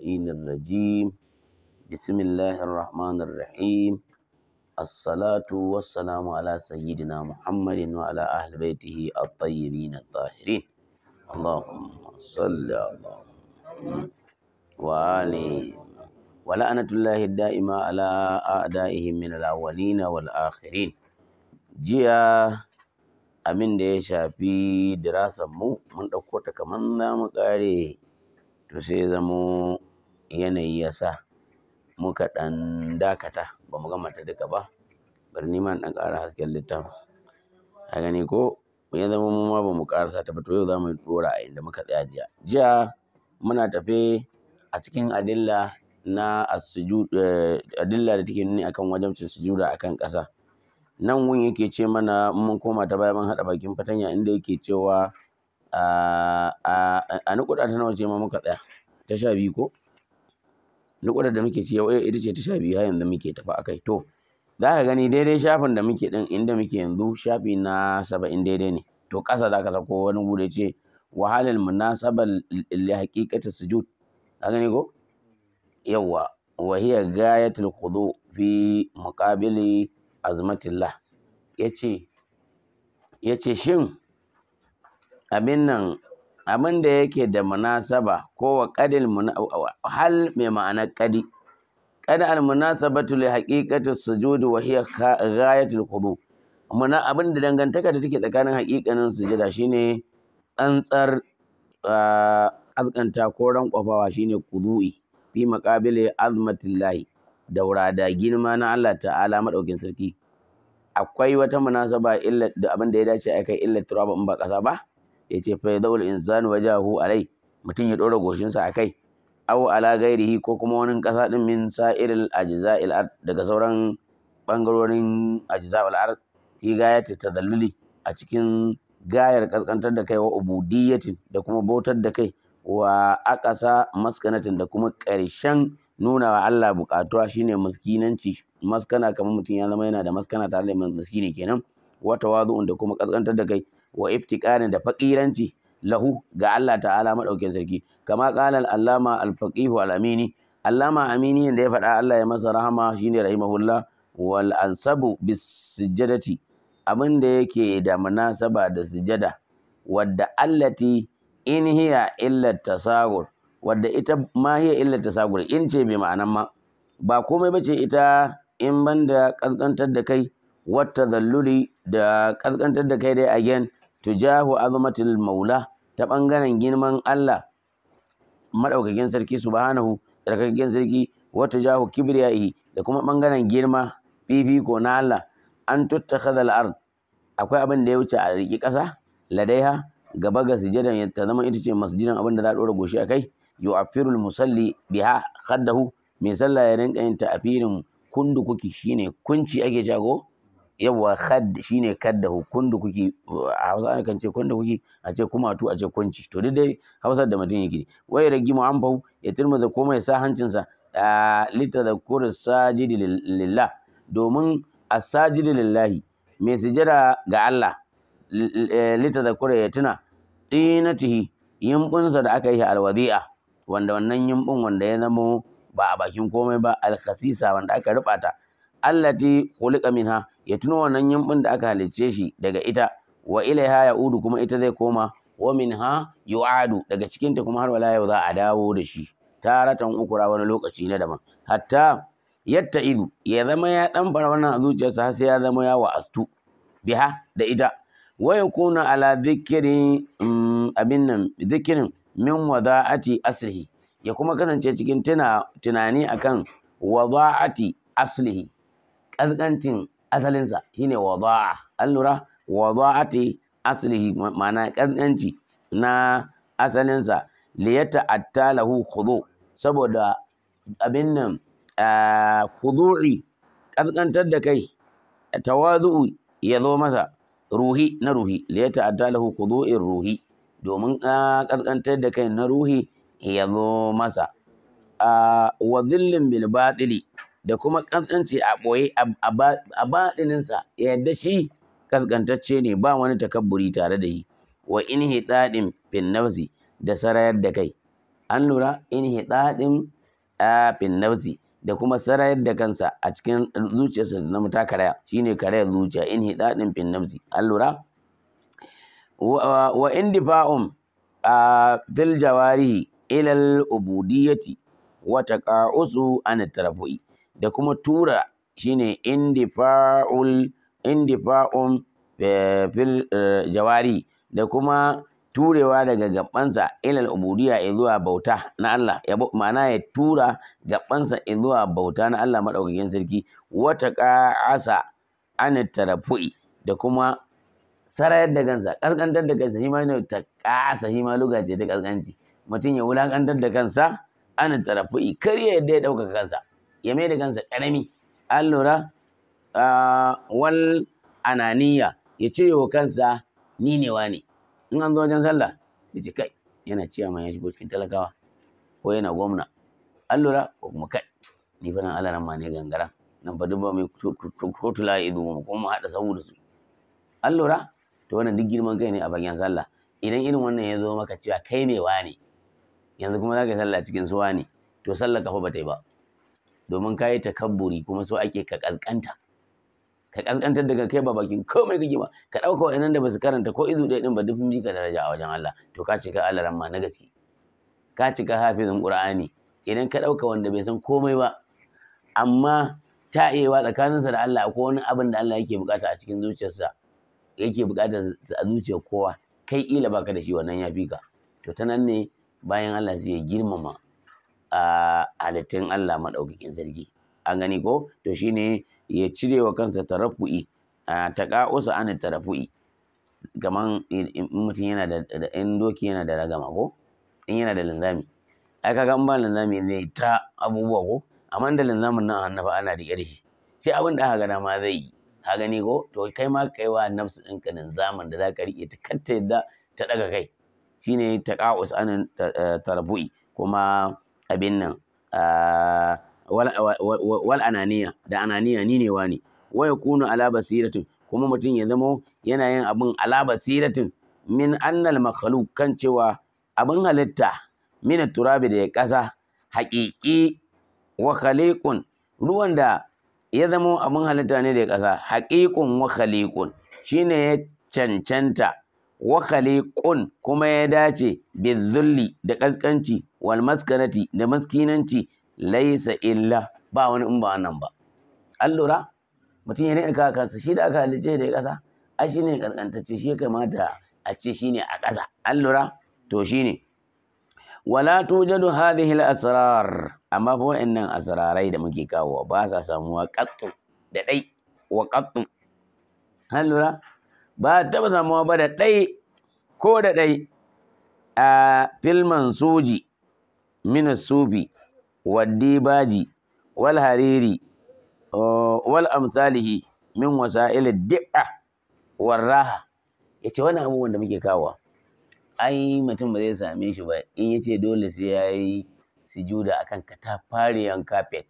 اللعين الرجيم بسم الله الرحمن الرحيم الصلاة والسلام على سيدنا محمد وعلى أهل بيته الطيبين الطاهرين اللهم صل على وآله ولعنة الله الدائمة على أعدائهم من الأولين والآخرين جيا abin da ya shafi dirasan mu mun ɗauko ta kamar za mu ƙare to sai zamo yanayi ya sa muka ɗan dakata ba mu gama ta duka ba bari ni ma ɗan ƙara hasken littafin a gani ko ya zama mu ma ba mu ƙarasa ta ba to yau za mu ɗora a inda muka tsaya jiya jiya muna tafe a cikin adilla na eh, adilla da take nuni akan wajabcin sujuda akan ƙasa nan wun yake ce mana mun koma ta baya mun haɗa bakin fatanya inda yake cewa ah, ah, a nukuɗa ta nawa ce ma muka tsaya ta sha biyu ko wadda da muke ci eh, ita ce ta sha biyu yanzu muke tafi akai to za ka gani daidai shafin da muke din inda muke yanzu shafi na saba'in daidai ne to ƙasa za ka sako wani gudu ce wahalar munasabar li haqiqati sujud ka gani ko yawa wa hiya gayatul khudu fi muqabili azmatillah yace yace shin abin nan abin da yake da munasaba ko wa qadil hal mai ma'ana qadi qad al munasabatu li haqiqati sujudi wa hiya ghayatul khudu muna abin da dangantaka da take tsakanin haqiqanin sujada shine tsantsar azkanta ko kwafawa shine kudu'i fi maqabili azmatillahi daura da girma na Allah ta'ala madaukin sarki akwai wata munasaba illa da abin da ya dace a kai illa turaba in ba kasa ba ya ce fa yadul insanu wajahu alai mutum ya dora goshinsa akai aw ala ghairihi ko kuma wani kasa din min sa'iril ajza'il ard daga sauran bangarorin ajza'ul ard fi ta tadalluli a cikin gayar kaskantar da kai wa ubudiyyatin da kuma bautar da kai wa akasa maskanatin da kuma ƙarshen nuna wa Allah buƙatuwa shine miskinanci maskana kamar mutum ya zama yana da maskana tare da miskini kenan wa tawazu'un da kuma kaskantar da kai wa iftiƙarin da faƙiranci lahu ga Allah ta'ala madaukin sarki kama qala al-allama al-faqih al-amini allama amini da ya faɗa Allah ya masa rahama shine rahimahullah wal ansabu bis sujadati abin da yake da munasaba da sujada wadda allati in hiya illa tasawur wadda ita ma hiya illa tasawur in ce mai ma'anan ma ba komai bace ita in banda kaskantar da kai wata zalluli da kaskantar da kai dai again tujahu azmatil maula ta bangaren girman Allah maɗaukakin sarki subhanahu tsarkakin sarki wa tujahu kibriyahi da kuma bangaren girma ko na Allah an tuttakhadha al-ard akwai abin da ya wuce a riki kasa ladaiha gaba ga sujadan ta zama ita ce masjidan abin da za a ɗora goshi a kai yu'afirul musalli biha khaddahu mai sallah ya rinka yin ta'afirin kundukuki shine kunci ake jago yawa khad shine hukun da kuki a Hausa ana kan ce da kuki a ce kumatu a ce kunci to dai dai Hausa da mutum yake wai ragi mu bau ya turmuza komai sa hancinsa kur sajidi lillah domin as lillahi mai sujada ga Allah eh, da kur ya tuna tinatihi yimbunsa da aka yi alwadi'a wanda wannan yimbun wanda ya zamo ba a bakin komai ba alkhasisa wanda aka rubata allati khuliqa minha ya tuno wannan yimbin da aka halicce shi daga ita wa ilaiha ya'udu kuma ita zai koma wa minha yu'adu daga cikin ta kuma har wala yau za a dawo da shi taratan ukura wani lokaci na daban hatta yatta idu ya zama ya dan fara wannan a zuciyarsa har sai ya zama ya wa'astu biha da ita wa yakuna ala dhikri mm, abin nan dhikrin min wada'ati aslihi ya kuma kasance cikin tunani akan wada'ati aslihi kazgantin asalinsa shine wada'a an lura wada'ati aslihi ma'ana kaskanci na asalinsa liyata attalahu khudu saboda abin nan khudu'i kaskantar da kai tawazu'u ya zo masa ruhi na ruhi liyata attalahu khudu'in ruhi domin kaskantar da kai na ruhi ya zo masa wa zillin bil batili da kuma ƙasƙanci a ɓoye a baɗininsa ya yadda shi ƙasƙantacce ne ba wani takabburi tare da shi wa in hiɗaɗin fin da sarayar da kai an lura in hiɗaɗin fin da kuma sarayar da kansa a cikin zuciyarsa na mutakaraya karaya shine karayar zuciya in hiɗaɗin fin nafsi an lura wa in difa'un fil jawarihi ilal ubudiyyati wa taqa'usu an tarafu'i da kuma tura shine indifa'ul indifa'un eh, fil eh, jawari da kuma turewa daga gabansa ilal ubudiyya zuwa bauta na Allah ya ma'ana ya tura gabansa zuwa bauta na Allah madaukakin sarki wata qasa an tarafu'i da kuma sarayar da kansa kaskantar da kansa shi ma ne ta ƙasa shi ma lugace ta kaskanci mutum ya wulakantar da kansa an tarafu'i kar ya yadda ya dauka kansa ya mai da kansa ƙarami an lura ah, wal ananiya ya cire wa kansa ni ne wa ne in an zo wajen sallah ya ce kai yana ciya ma ya shigo cikin talakawa ko yana gwamna an lura ko kuma kai ni fa nan alaran ma ne gangara nan fa duk mai kotula ya idu mu kuma mu haɗa sahu da su an lura to wannan duk girman kai ne a bakin sallah idan irin wannan ya zo maka cewa kai ne wa ne yanzu kuma za ka yi sallah cikin suwa ne to sallah kafa ba ta yi ba domin kayi yi takabburi kuma so ake ka ƙasƙanta. ka kaskantar daga kai ba bakin komai kake ba ka dauka wa'annan da basu karanta ko izu ɗaya din ba dufin jika daraja a wajen Allah to ka cika alaran ma na gaske ka cika hafizin qur'ani idan ka dauka wanda bai san komai ba amma ta tsakanin tsakaninsa da Allah akwai wani abin da Allah yake bukata a cikin zuciyarsa yake bukata a zuciyar kowa kai ila baka da shi wannan ya fi to ta nan ne bayan Allah zai girmama halittun Allah maɗaukakin zargi, an gani ko to shine ya cire wa kansa tarafu'i ta ƙa'usa ana tarafu'i kaman in mutum yana da in doki yana da ragama ko in yana da linzami ai kaga in ba linzami ne ta abubuwa ko amma da linzamin nan annabi ana da ƙarfi sai abin da aka ma zai yi ka gani ko to kai ma kai wa nafsu ɗinka linzamin da za ka riƙe ta kanta yadda ta ɗaga kai shine ta ƙa'usa ana eh, tarafu'i kuma abin nan ah, wal ananiya da ananiya ni ne wani wa kunu ala basiratin kuma mutum ya zamo yana yin abin ala basiratin min annal makhluk kan cewa abin halitta min turabi da ƙasa haƙiƙi wa khaliqun ruwan da ya zamo abin halitta ne da ƙasa haƙiƙun wa khaliqun shine ya cancanta wa khaliqun kuma ya dace bizulli da ƙasƙanci wal maskanati da maskinanci laisa illa ba wani in ba wannan ba an lura mutum ya rika kansa. shi da aka halice da ya kasa a shi ne kaskantacce shi ya kamata a ce shi ne a ƙasa an lura to shi ne wala tujadu hadhihi al-asrar amma fa wa'annan asrarai da muke kawo ba sa samuwa qattu da dai wa qattu an lura ba taba samuwa ba da dai ko da dai a filman soji من subi والديباج wal hariri wal وسائل min wasa'il yace wannan abubuwan da muke kawo ai mutum ba zai same shi ba in yace dole sai yayi sujuda akan katafariyan carpet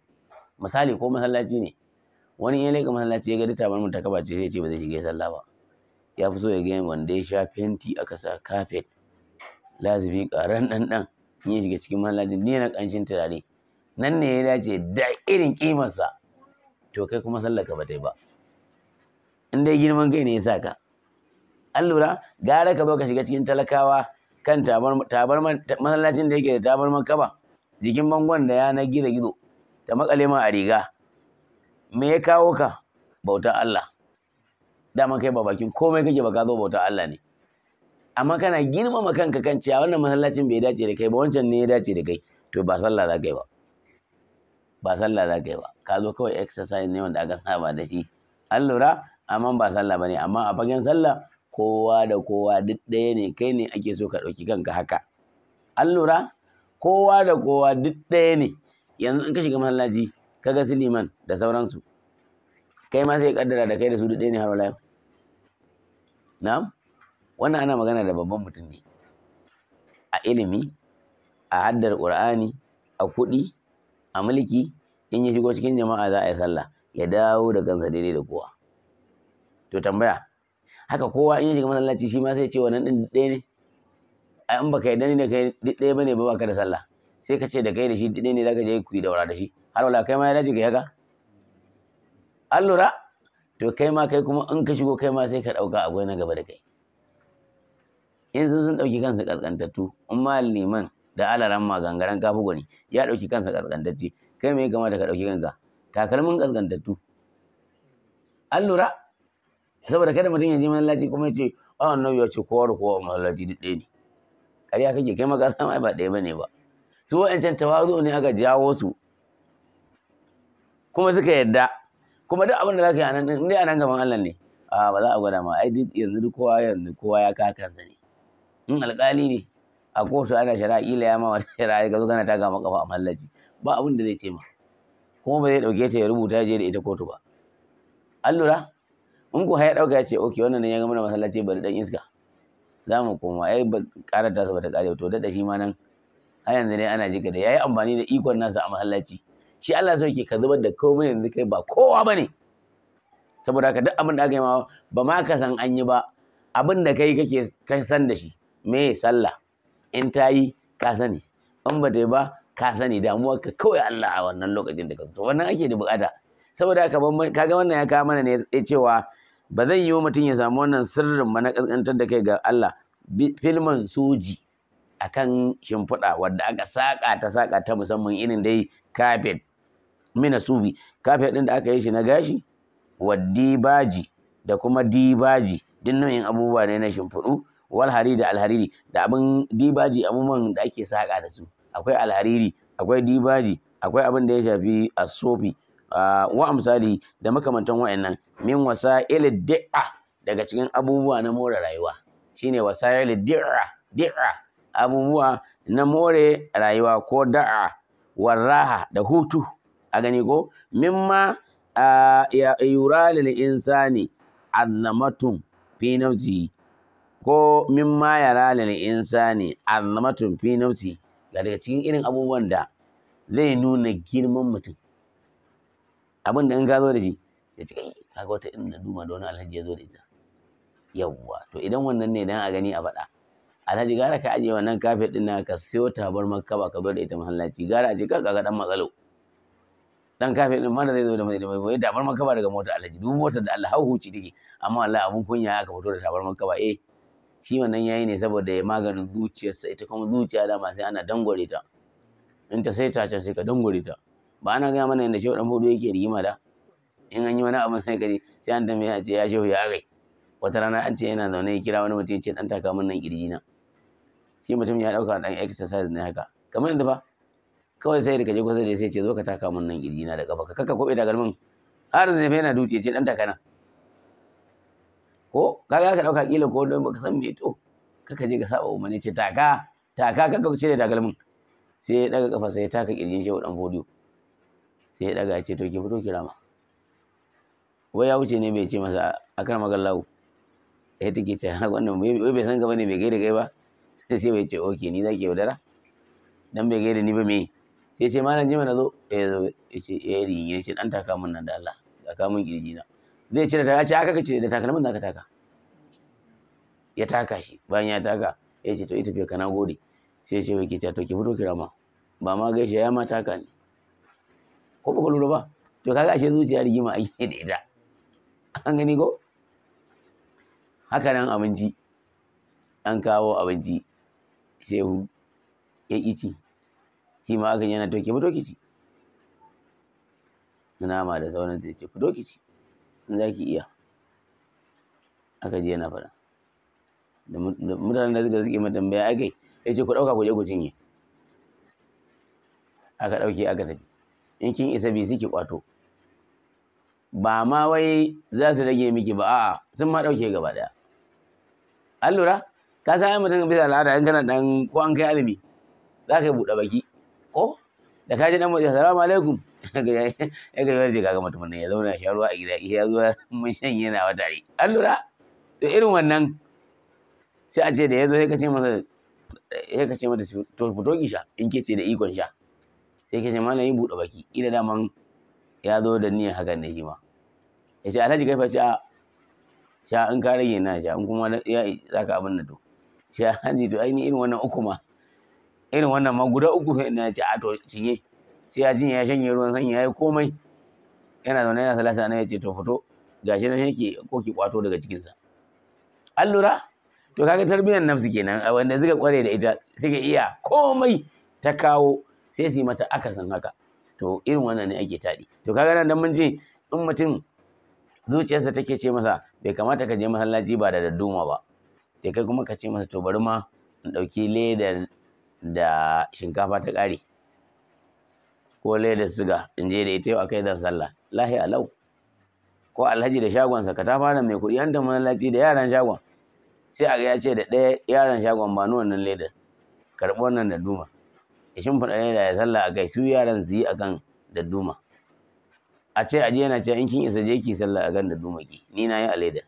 misali ko masallaci ne wani ya leka masallaci ya ga dita bar ta kaba ce sai ce ba zai shiga sallah ba ya fi so ya ga wanda ya sha fenti aka sa carpet lazimi karan dan dan ya shiga cikin masallacin na ƙanshin turare nan ne ya dace da irin ƙimarsa to kai kuma sallaka ba ta yi ba in dai girman kai ne ya sa ka an lura gara ka zo ka shiga cikin talakawa kan tabar masallacin da yake da tabarman kaba jikin bangon da yanar gizo-gizo ta makale ma a riga me ya kawo ka bautar Allah dama kai ba bakin komai kake ba ka zo bautar Allah ne amma kana girmama kanka kan cewa wannan masallacin bai dace da kai ba wancan ne ya dace da kai to ba sallah za ka yi ba ba sallah za ka yi ba ka zo kawai exercise ne wanda aka saba da shi an lura amma ba sallah ba ne amma a fagen sallah kowa da kowa duk ɗaya ne kai ne ake so ka ɗauki kanka haka an lura kowa da kowa duk ɗaya ne yanzu in ka shiga masallaci ka ga siliman da sauransu kai ma sai kaddara da kai da su duk ɗaya ne har wala na'am wannan ana magana da babban mutum ne a ilimi a haddar Al-Qur'ani, a kuɗi a mulki in ya shigo cikin jama'a za a yi sallah ya dawo da kansa daidai da kowa to tambaya haka kowa in ya shiga masallaci shi ma sai ce wannan din ɗaya ne ai in baka yarda ni da kai ɗaya bane ba baka da sallah sai ka ce da kai da shi ɗaya ne zaka je ku yi daura da shi har wala kai ma ya dace ka haka? an lura to kai ma kai kuma in ka shigo kai ma sai ka ɗauka akwai na gaba da kai yanzu sun ɗauki kansu ƙasƙantattu in ma liman da alaran ma gangaren kafugo ya ɗauki kansa ƙasƙantacce kai me ya kamata ka ɗauki kanka takalmin ƙasƙantattu an lura saboda kada mutum ya je masallaci kuma ya ce a ah, wannan ya ce kowa da kowa masallaci duk ɗaya ne ƙarya kake kai maka sama ba ɗaya bane ba su wa'ancan tawazu ne aka jawo su kuma suka yadda kuma duk abin da ka yi a nan dai a nan gaban Allah ne a ah, ba za a gwada ma ai duk yanzu kowa yanzu kowa ya ka kansa ne in alƙali ne a kotu ana shari'a ila ya ma wata shari'a ka zo kana taka maka a mallaci ba abin da zai ce ma kuma ba zai dauke ta ya rubuta ya je da ita kotu ba an lura in ko ya dauka ya ce okay wannan ya ga mana masallaci bari dan iska za mu koma ai ba ƙara ta ba ta to da shi ma nan har yanzu ne ana jika da yayi amfani da ikon nasa a masallaci shi Allah so yake ka zubar da komai yanzu kai ba kowa bane saboda haka duk abin da aka yi ma ba ma ka san an yi ba abin da kai kake san da shi me sallah in ta yi ka sani in ba ta yi ba ka sani damuwar ka kawai Allah a wannan lokacin da ka to wannan ake da bukata saboda haka kaga wannan ya kawo mana ne ya cewa ba zan yi wa mutum ya samu wannan sirrin ba na kaskantar da kai ga Allah filman suji akan shimfiɗa wadda aka saka ta saka ta musamman irin dai kafet mina subi kafet ɗin da aka yi shi na gashi wa dibaji da kuma dibaji duk nau'in abubuwa ne na shimfiɗu Walhari da alhariri da abin dibaji abubuwan da ake saƙa da su akwai alhariri akwai dibaji akwai abin da ya shafi asofi ah, wa amsali da makamantan wa'annan min wasa di'a daga cikin abubuwa na more rayuwa shine wasa di'a di'a abubuwa na more rayuwa ko da'a warraha da hutu a gani ko mimma ah, yura lil insani annamatun fi nafsihi ko mimma ne na insani annamatun fi nafsi daga cikin irin abubuwan da zai nuna girman mutum abin da in ka zo da shi ya ce kaga wata irin duma da wani alhaji ya zo da ita yawwa to idan wannan ne dan a gani a faɗa alhaji gara ka ajiye wannan kafe din na ka sayo tabar makka ba ka zo da ita mahallaci gara a ce ka kaga dan matsalo dan kafe din mana zai zo da mai mai tabar makka ba daga mota alhaji duk motar da Allah hauhu ci take amma wallahi abun kunya aka fito da tabar makka ba eh shi wannan yayi ne saboda ya maganin zuciyarsa ita kuma zuciya dama sai ana dangware ta in ta sai ta can sai ka dangware ta ba ana gaya mana yadda shehu dan bodo yake rigima da in an yi wani abu sai gari sai an tambaye a ce ya shehu ya kai wata rana an ce yana zaune ya kira wani mutum ya ce dan taka min nan kirji na shi mutum ya dauka dan exercise ne haka kamar yadda ba kawai sai ka je kusa da sai ce zo ka taka min nan kirji na da kafa ka kaka kobe takalmin har zai yana duce ce dan taka nan ko kaga ka dauka kila ko don baka san me to kaka je ka saba ne ce taka taka kaka ku cire takalmin sai ya daga kafa sai ya taka kirjin shi dan fodiyo sai ya daga ya ce to ki fito kira ma wai ya wuce ne bai ce masa akar magallahu eh take ce wannan wai bai san gaba bane bai gaida kai ba sai sai bai ce okay ni zaki yaudara dan bai gaida ni ba me sai ce malam jima na zo eh zo ya ce ya yi ce dan taka mun nan da Allah taka kamun kirji na zai ce da ce aka ce da takalmin zaka taka ya taka shi bayan ya taka ya ce to ita fiye kana gode sai ya ce wai ke ta to ki fito kira ma ba ma gaishe ya ma taka ne ko ba ka lura ba to kaga ashe zuciya rigima ake da ita an gani ko haka nan abinci an kawo abinci sai ya ici shi ma aka yana to ki fito ki ci nama da sauran zai ce fito ki ci in za ki iya aka ji yana faɗa da mutanen da suka suke matambaya tambaya aka ya ce ku ɗauka ku je ku cinye aka ɗauke aka tafi in kin isa bi suke kwato ba ma wai za su rage miki ba a'a sun ma ɗauke gaba ɗaya an lura ka san mutum bisa al'ada in kana ɗan ko an kai alimi, za ka yi buɗe baki ko da ka ji dan mutum assalamu alaikum ya ga yarje kaga mutumin nan ya zauna ya ruwa a gida ya zo mun shanye na wata ri an lura to irin wannan sai a ce da ya zo sai ka ce masa sai ka ce mata to fito ki sha in ke ce da ikon sha sai ke ce mana yi bude baki da man ya zo da niyan hakan ne shi ma ya ce alhaji kai fa sha sha in ka rage na sha in kuma ya zaka abin da to sha hanji to ainihin irin wannan uku ma irin wannan ma guda uku sai ina ce a to cinye sai ya cinye ya shanye ruwan sanyi ya komai yana zaune yana salata na ya ce to fito gashi ne yake ko ki kwato daga cikinsa an lura to kaga tarbiyyar nafsu kenan A wanda zika kware da ita suka iya komai ta kawo sai su yi mata akasin haka to irin wannan ne ake tadi to kaga nan dan mun ji, in mutum zuciyarsa take ce masa bai kamata ka je masallaci ba da dadduma ba sai kai kuma ka ce masa to bari ma in ɗauki ledar da shinkafa ta ƙare ko leda siga in je da ita yau akai zan sallah lahi alau ko alhaji da shagonsa ka ta fara mai kuɗi an ta mallaki da yaran shagon sai a ga ya ce da ɗaya yaran shagon ba wannan leda. karɓi wannan da duma ya shimfiɗa leda ya sallah a kai su yaran su yi akan da duma a ce je yana cewa in kin isa je ki sallah akan da duma ki ni na yi a leda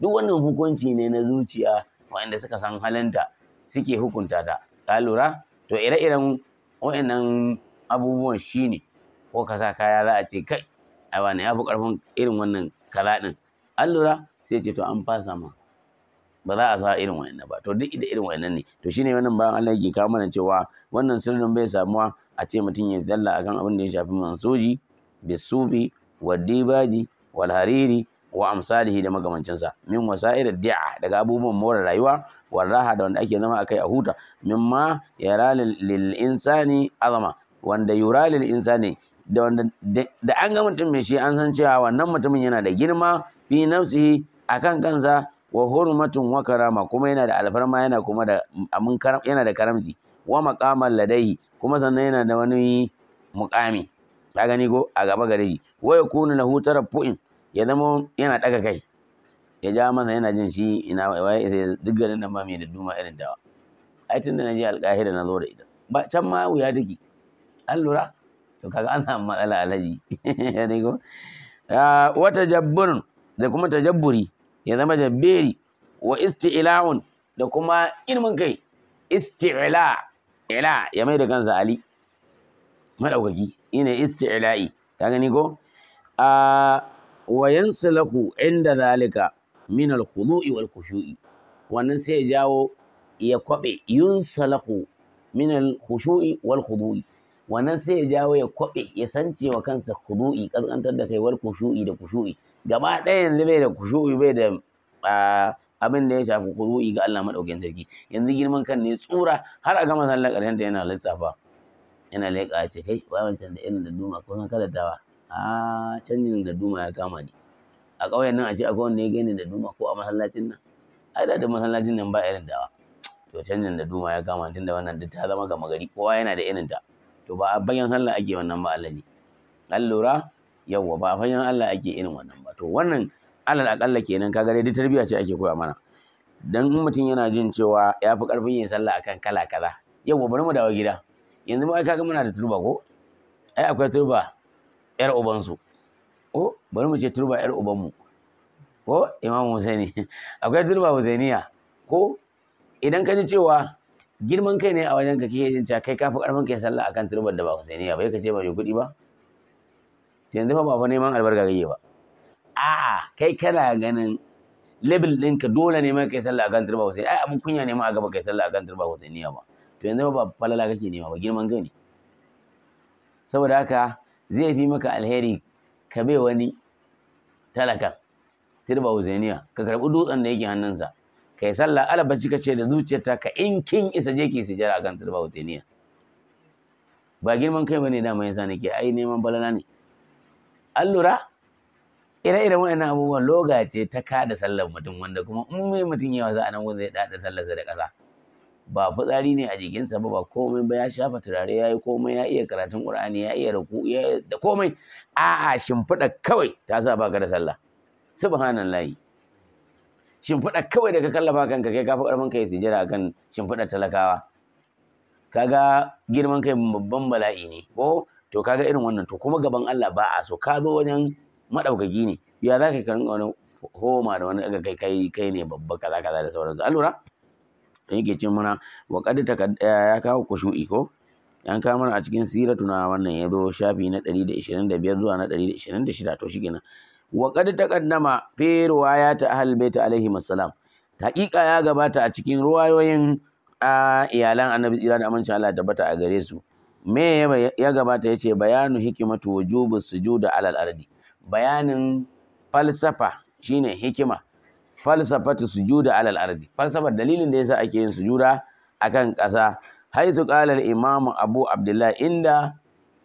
duk wannan hukunci ne na zuciya waɗanda suka san halinta suke hukunta ta ka lura to ire-iren wa'annan abubuwan shi ne, ko ka sa kaya za a ce kai ai wani ya fi ƙarfin irin wannan kala ɗin an lura sai ce to an fasa ma ba za a sa irin wa'annan ba to duk da irin wa'annan ne to shine wannan bayan Allah yake kawo mana cewa wannan sirrin bai samuwa a ce mutum ya zalla akan abin da ya shafi mansoji bisubi wadibaji walhariri wa amsalihi da magamancinsa min wasa'ir di'a daga abubuwan more rayuwa warraha da wanda ake zama akai a huta mimma yara lil insani azama wanda yura lil insani da wanda da an ga mutum mai shi an san cewa wannan mutumin yana da girma fi nafsihi akan kansa wa hurmatun wa karama kuma yana da alfarma yana kuma da karam yana da karamji wa maqamal ladai kuma sannan yana da wani muqami ka gani ko a gaba gare shi wa yakunu lahu taraffu'in ya zama yana ɗaga kai ya ja masa yana jin shi ina waye sai duk nan ba mai duma irin dawa ai tunda na je alƙahira na zo da ita ba can ma wuya take an lura to kaga an samu matsala alhaji ne ko wata jabbur da kuma tajabburi ya zama jabberi wa isti'la'un da kuma ilmin kai isti'la ila ya mai da kansa ali madaukaki ina isti'la'i ka gani ko a ah, wa yansilahu inda zalika min al-khudu'i wal khushu'i wannan sai ya jawo ya kwabe yunsalahu min al-khushu'i wal khudu'i wannan sai ya jawo ya kwabe ya sance wa kansa khudu'i kaskantar da kai wal khushu'i da khushu'i gaba ɗaya yanzu bai da khushu'i bai da abin da ya shafi khudu'i ga Allah madaukakin sarki yanzu girman kan ne tsura har a gama sallar ƙarshen da yana lissafa yana leƙa ce kai ba wancan da irin da duma ko san kada dawa a ah, canjin da duma ya kama ni a ƙauyen nan a ce akwai wanda ya gani da duma ko a masallacin nan ai da da masallacin nan ba irin dawa to canjin da duma ya kama tunda wannan duk ta zama gama gari kowa yana da irin ta to ba a bayan sallah ake wannan ba Allah ne an lura yawwa ba a bayan Allah ake irin wannan ba to wannan alal akalla kenan kaga dai tarbiyya ce ake koya mana dan in mutum yana jin cewa ya fi karfin yin sallah akan kala kaza yawwa bari mu dawo gida yanzu ma kaga muna da turba ko ai akwai turba yar ubansu ko bari mu ce turba yar ubanmu ko imamu husaini akwai turba husainiya ko idan ka ji cewa girman kai ne a wajen ka kike jin kai ka fi karfin kai sallah akan turbar da ba husainiya bai ka ce ba mai kuɗi ba yanzu fa ba fa neman albarka kake ba a'a kai kana ganin level ɗinka dole ne ma kai sallah akan turba husainiya ai abun kunya ne ma a gaba kai sallah akan turba husainiya ba to yanzu ba falala kake nema ba girman kai ne saboda haka zai fi maka alheri ka bai wani talaka turba uzeniya ka karɓi dutsen da yake hannunsa ka yi sallah alaba ka ce da zuciyarta ka in kin isa je ki sujjara akan turba uzeniya ba girman kai bane dama yasa nake ai neman balala ne an lura ire-iren wa'ina abubuwan loga ce ta kada sallar mutum wanda kuma in mai mutum yawa za a nan wanda zai ɗaɗa sallarsa da ƙasa ba fitsari ne a jikinsa ba ba komai ba ya shafa turare ya yi komai ya iya karatun ƙur'ani ya iya ruku da komai a'a shimfiɗa kawai ta sa ba ka da sallah layi shimfiɗa kawai da ka kallafa kanka kai kafa ƙarfin kai jira akan shimfiɗa talakawa kaga girman kai babban bala'i ne ko to kaga irin wannan to kuma gaban Allah ba a so ka zo wajen maɗaukaki ne ya za ka karin wani homa da wani kai kai kai ne babba kaza kaza da sauransu an lura dan yake ce mana wa ta eh, ya kawo kushu'i ko yan kawo mana a cikin siratu na wannan ya zo shafi na 125 zuwa na 126 to shikenan wa ta kaddama fi ta ahlul bait alaihi assalam haqiqa ya gabata a cikin ruwayoyin iyalan annabi tsira da amincin Allah tabbata a gare su me ya gabata yace bayanu hikimatu wujubus sujud alal ardi bayanin falsafa shine hikima falsafatu sujuda alal ardi falsafar dalilin da yasa ake yin sujuda akan ƙasa haythu qala al imam abu abdullah inda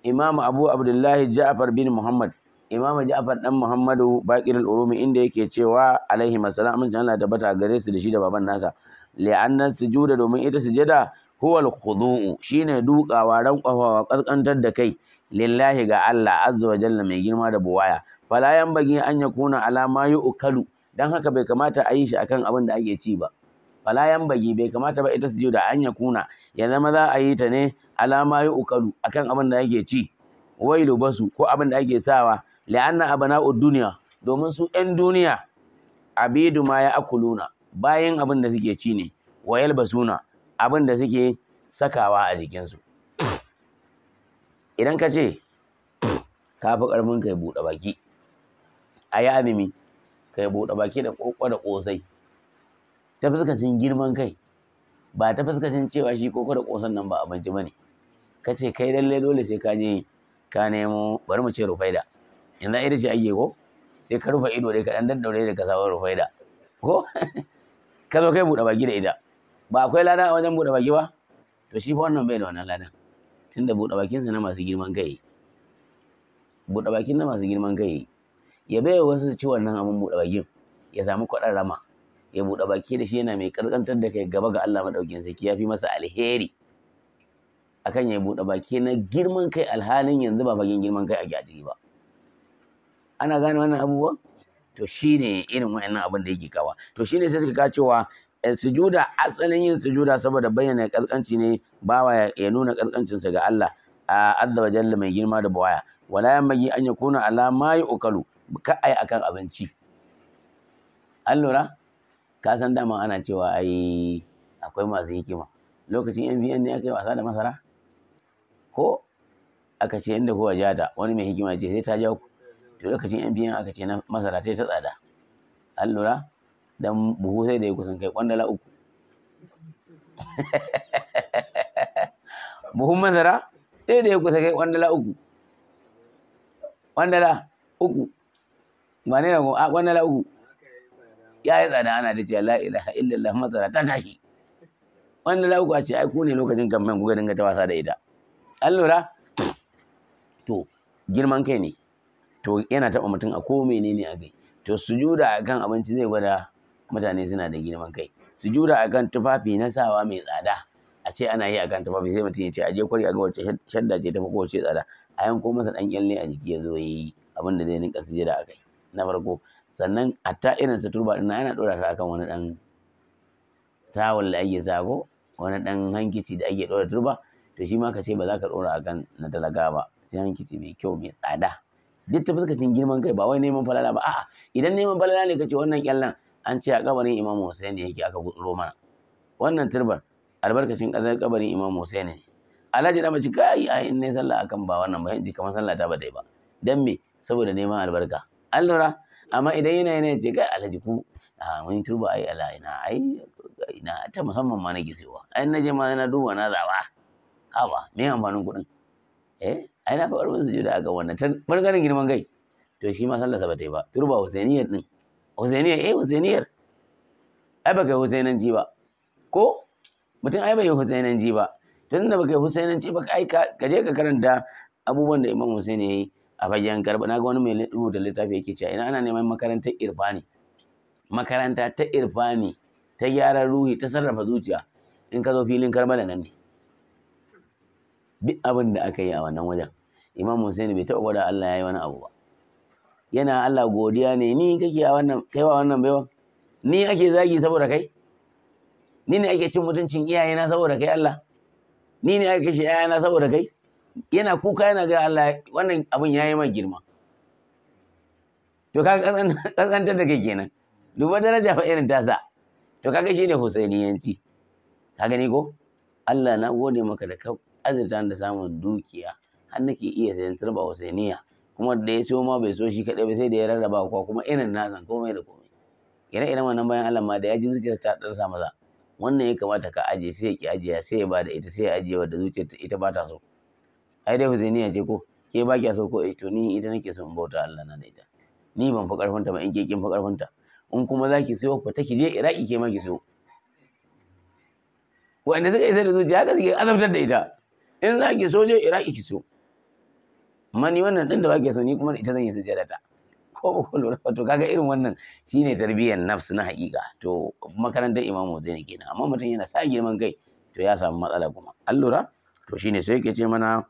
imam abu abdullah ja'far bin muhammad imam ja'far dan muhammadu baqir al urumi inda yake cewa alaihi masallam mun Allah tabbata gare su da shi da baban nasa li'anna sujuda domin ita sujada huwa al khudu'u shine dukawa rankwafawa kaskantar da kai lillahi ga Allah azza wa jalla mai girma da buwaya fala baki an yakuna ala ma yu'kalu dan haka bai kamata a yi shi akan abin da ake ci ba fala bagi bai kamata ba ita su sujuda an ya kuna ya zama za a yi ta ne alama yi ukalu akan abin da ake ci wailu basu ko abin da ake sawa li'anna abana'ud duniya domin su 'yan duniya abidu ma ya akuluna bayan abin da suke ci ne wa yalbasuna abin da suke sakawa a jikinsu idan ka ce ka fi ƙarfin kai buɗe baki a yi azumi kai buɗe baki da ƙoƙo da ƙosai ta fuskacin girman kai ba ta fuskacin cewa shi ƙoƙo da ƙosan nan ba abinci ba ne ka ce kai lallai dole sai ka je ka nemo bari mu ce rufaida yanzu ita ce ake ko sai ka rufe ido dai ka ɗan daddaure da ka sabon rufaida ko ka zo kai buɗe baki da ita ba akwai lada a wajen buɗe baki ba to shi fa wannan bai da wannan ladan tunda buɗe bakinsa na masu girman kai buɗe bakin na masu girman kai ya bai wa wasu ci wannan abin buɗe bakin ya samu kwaɗan rama ya buɗe baki da shi yana mai ƙasƙantar da kai gaba ga Allah maɗaukin sarki ya fi masa alheri akan ya buɗe baki na girman kai alhalin yanzu ba fagen girman kai ake a ciki ba ana gane wannan abubuwa to shine irin wa'annan abin da yake kawa to shine sai suka cewa eh, sujuda asalin yin sujuda saboda bayyana ƙasƙanci ne bawa ya nuna ƙasƙancinsa ga Allah a azza wa mai girma da bawaya wala yamma an yakuna ala ma yu'kalu ka a akan abinci an lura ka san dama ana cewa ai akwai masu hikima lokacin MVN ne aka yi wasa da masara ko aka ce inda kowa ja ta wani mai hikima ce sai ta ja ku to lokacin MVN aka ce na masara ta ta tsada an lura dan buhu sai da ya kusan kai kwandala uku buhun masara sai da ya kusa kai kwandala uku kwandala uku wane ne a wani la'uku ya yi tsada ana da jiyar la'ila ilaha illallah matsala ta tashi wannan la'uku a ce ai ne lokacin kamfen kuka dinga ta wasa da ita an lura to girman kai ne to yana taɓa mutum a ko menene a kai to sujuda kan abinci zai gwada mutane suna da girman kai sujuda kan tufafi na sawa mai tsada a ce ana yi a kan tufafi sai mutum ya ce aje kwari a ga wacce shadda ce ta fi kowace tsada a yanko masa ɗan kyalle a jiki ya zo ya yi abin da zai ninka sujada a kai na farko sannan hatta irin su turba ɗin ana ɗora ta akan wani ɗan tawul da ake sa ko wani ɗan hankici da ake ɗora turba to shi ma ka ce ba za ka ɗora akan na talaga ba sai hankici mai kyau mai tsada duk ta fuskacin girman kai ba wai neman falala ba a'a idan neman falala ne kace wannan kyallan an ce a kabarin Imam ne yake aka gutsuro mana wannan turbar albarkacin ƙasar kabarin Imam Hussein ne Alhaji da mace kai a in ne sallah akan ba wannan ba yanzu kamar sallah ta ba dai ba dan me saboda neman albarka an lura amma idan yana yana je ga alhaji ku a wani turba ai ala ina ai ina ta musamman ma nake sayowa ai naje ma na duba na zaba haba me amfanin kuɗin eh ai na faɗar musu juda ga wannan ta ɓangaren girman kai to shi ma sallarsa ba ta yi ba turba husainiyar din husainiyar eh husainiyar ai baka yi ji ba ko mutum ai bai yi ji ba tunda baka yi ji ba kai ka je ka karanta abubuwan da imam husaini ya yi a bayan garba na ga wani mai da littafi yake cewa ina ana neman makarantar irfani makaranta ta irfani ta gyaran ruhi ta sarrafa zuciya in ka zo filin da nan ne duk abin da aka yi a wannan wajen imam Hussein bai taɓa gwada Allah ya yi wani abu ba yana Allah godiya ne ni kake a wannan kai wa wannan baiwa ni ake zagi saboda kai ni ne ake cin mutuncin iyayena saboda kai Allah ni ne ake kashe iyayena saboda kai yana kuka yana ga Allah wannan abin ya yi mai girma to ka kaskantar da kai kenan duba daraja fa irin tasa to kaga shi ne husainiyanci ka gani ko Allah na gode maka da ka azurta da samun dukiya har nake iya sayan turba husainiya kuma da ya siyo ma bai so shi kaɗai ba sai da ya rarraba kuwa kuma irin nasan komai da komai ire-iren wannan bayan Allah ma da ya ji zuciyarsa ta ɗarsa maza wannan ya kamata ka aje sai ya ki ajiya sai ya bada ita sai ya ajiye wadda ita ba ta so ai dai ya je ko ke ba kiya so ko eh to ni ita nake so in bauta Allah na da ita ni ban fi karfin ta ba in ke kin fi karfin ta in kuma zaki sayo ta ki je Iraki ke ma ki so. wanda suka isa da zuciya haka suke azabtar da ita in za ki so je Iraki ki so mani wannan din da ba ke so ni kuma ita zan yi sujjada ta ko ba lura to kaga irin wannan shine tarbiyyar nafs na haƙiƙa to makarantar imamu zai ne kenan amma mutum yana sa girman kai to ya samu matsala kuma an lura to shine sai yake ce mana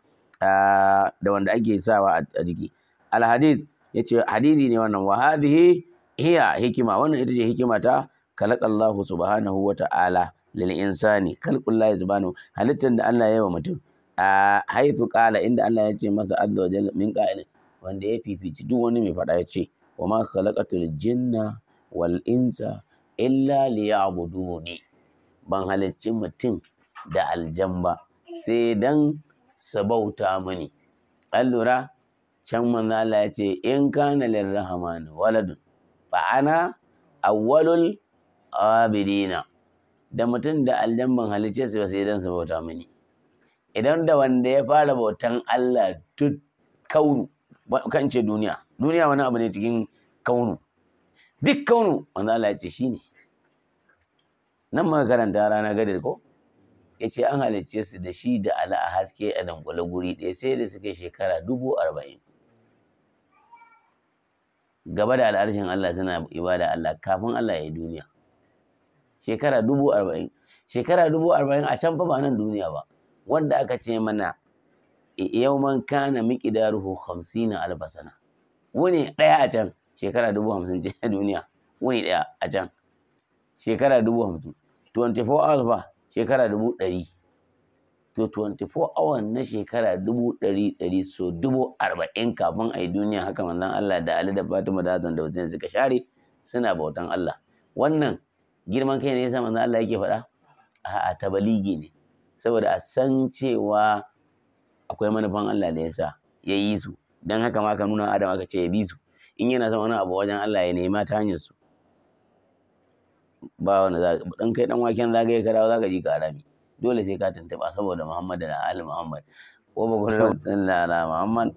da wanda ake sawa a jiki alhadid yace hadidi ne wannan wa hadhihi hiya hikima wannan ita ce hikima ta khalaqallahu subhanahu wa ta'ala lil insani khalqullahi subhanahu halittan da Allah ya yi wa mutum a haifu qala inda Allah ya ce masa azza wa jalla min qa'ilin wanda ya fifici duk wani mai faɗa ya ce wa ma khalaqatul jinna wal insa illa liya'buduni ban halicci mutum da aljan ba sai dan su bauta mini an lura can manzo Allah ya ce in kana lirrahmani waladun fa ana awwalul abidina da mutum da aljan ban halicce su ba sai dan su mini idan da wanda ya fara bautan Allah duk kaunu kan ce duniya duniya wani abu ne cikin kaunu duk kaunu manzo Allah ya ce shine nan muka karanta rana gadir ko ya ce an halicce su da shi da ala a haske a dangwale guri ɗaya sai da suka shekara dubu arba'in gaba da al'arshin Allah suna ibada Allah kafin Allah ya yi duniya shekara dubu arba'in shekara dubu arba'in a can fa ba nan duniya ba wanda aka ce mana yau man kana miƙidaruhu na albasana wuni ɗaya a can shekara dubu hamsin ce duniya wuni ɗaya a can shekara dubu hamsin 24 hours ba shekara dubu ɗari to 24 hours na shekara dubu ɗari ɗari so dubu arba'in kafin a yi duniya haka manzan Allah da Ali da Fatima da Hassan da Hussein suka share suna bautan Allah wannan girman kai ne yasa manzan Allah yake faɗa a'a tabaligi ne saboda a san cewa akwai manufan Allah da yasa ya yi su dan haka ma ka nuna Adam aka ce ya bi su in yana son wani abu wajen Allah ya nema ta hanyar su ba wani za dan kai dan waken zagaye ka dawo zaka ji ka arami dole sai ka tuntuɓa saboda Muhammad da Ali Muhammad Ko ba gurin la na Muhammad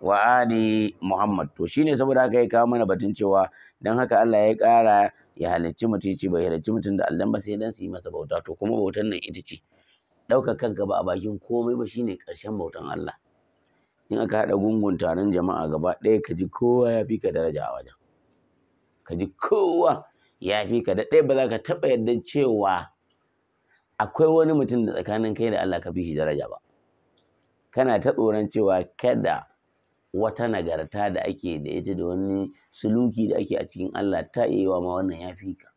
wa ali Muhammad to shine saboda haka ya kawo mana batun cewa dan haka Allah ya kara ya halicci mutum ce bai halicci mutum da aldan ba sai dan su yi masa bauta to kuma bautan nan ita ce ɗaukar kanka ba a bakin komai ba shine ƙarshen bautan Allah in aka haɗa gungun taron jama'a gaba ɗaya ka ji kowa ya fi ka daraja a wajen ka ji kowa ya fi ka daɗe, ba za ka taɓa yadda cewa akwai wani mutum da tsakanin kai da Allah ka fi shi daraja ba kana ta tsoron cewa kada wata nagarta da ake da ita da wani suluki da ake a cikin Allah ta iya ma wannan ya fi ka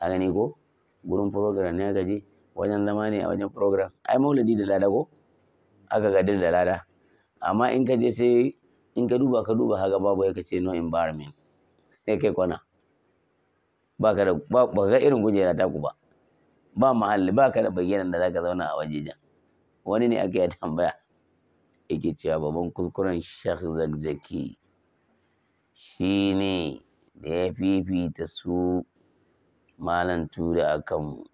a gani ko gurin program ne aka wajen zama ne a wajen program ai maulidi da lada ko aka gadar da lada amma in ka je sai in ka duba ka duba haka babu ya ka ce no environment sai kai kwana baka da ba ga irin kujera taku ba ba mahalli ba da bayyanan da zaka zauna a jan wani ne aka yi tambaya yake cewa baban kuskuren shekh zakzaki shi da ya fifita su malam tura a kanmu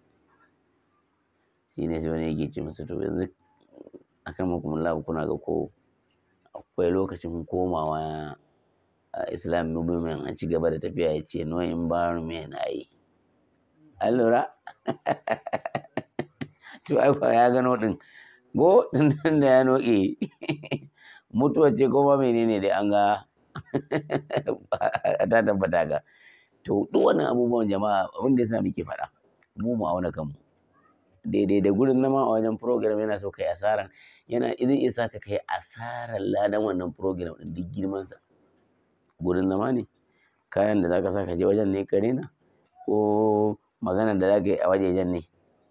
shi ne wani yake ce musu to yanzu akan makumullahu kuna ga ko akwai lokacin komawa islam movement a ci gaba da tafiya ya ce no environment a yi an lura to aikwa ya gano din go din da ya noke mutuwa ce kuma menene da an ga ta tabbata ga to duk wannan abubuwan jama'a wanda ya sa muke faɗa mu mu auna kanmu daidai da gurin nama a wajen program yana so kai asaran yana idan isa ka kai asaran ladan wannan program din duk girmansa gurin zama ne kayan da zaka sa ka je wajen ne ka na ko maganar da zaka yi a wajejen ne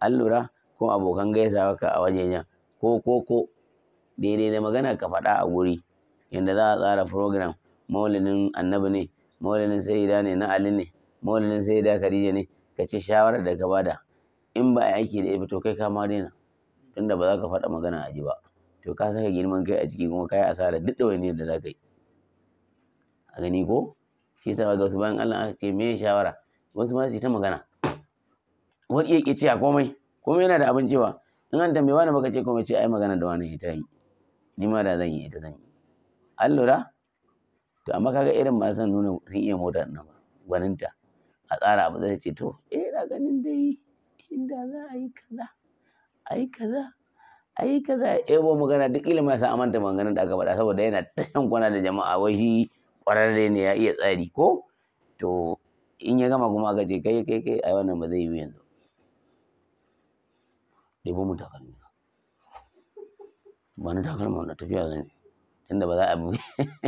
an lura ko abokan gaisawa ka a wajejen ko ko ko daidai da magana ka faɗa a guri yadda za a tsara program maulidin annabi ne maulidin sayyida ne na ali ne maulidin sayyida khadija ne ka ce shawarar da ka bada in ba a aiki da ya to kai ka ma daina tunda ba za ka faɗa magana a ji ba to ka saka girman kai a ciki kuma ka yi asara duk ɗawainiyar da za ka yi a gani ko shi sa ga wasu bayan Allah aka ce me shawara wasu ma su ta magana wani yake ce a komai komai yana da abin cewa in an tambaye wani baka ce komai ce ai magana da wani ita yi ni ma da zan yi ita zan yi an lura to amma kaga irin san nuna sun iya mota nan gwaninta a tsara abu zai ce to eh na ganin dai inda za a yi kaza a yi kaza a yi kaza ebo eh, magana duk ilimin ya sa amanta maganin da aka faɗa saboda yana ta kwana da jama'a wai shi Kwararre ne ya iya tsari ko to in ya gama kuma aka ce kai kai kai ai wannan ba zai yi yanzu bu mu takalmi ba ni takalma na tafiya zan yi tunda ba za a bi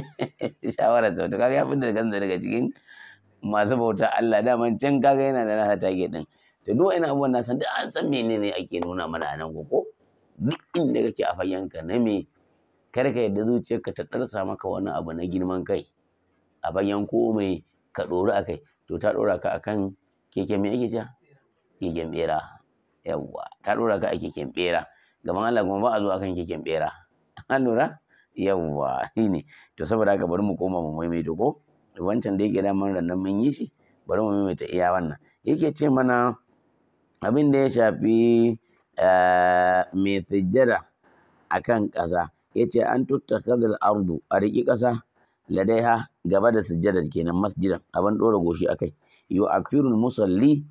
shawara ta kaga ya fita kansa daga cikin masu bauta Allah daman can kaga yana da nasa take din to duk wani abubuwan na san duk an san menene ake nuna mana a nan ko duk inda kake a fayyanka na me kar ka yadda zuciyarka ta ɗarsa maka wani abu na girman kai a bayan komai ka ɗoru a kai to ta ɗora ka akan keken mai ake ce keken ɓera yawwa ta ɗora ka a keken ɓera gaban Allah kuma ba a zo akan keken ɓera an lura yawwa shine to saboda haka bari mu koma mu maimaita ko wancan da yake daman rannan mun yi shi bari mu maimaita iya wannan yake ce mana abin da ya shafi eh, mai a akan ƙasa yace an tuttakadal ardu a riƙi ƙasa ladaiha gaba da sujjadar kenan masjidan abin ɗora goshi akai yu afirul musalli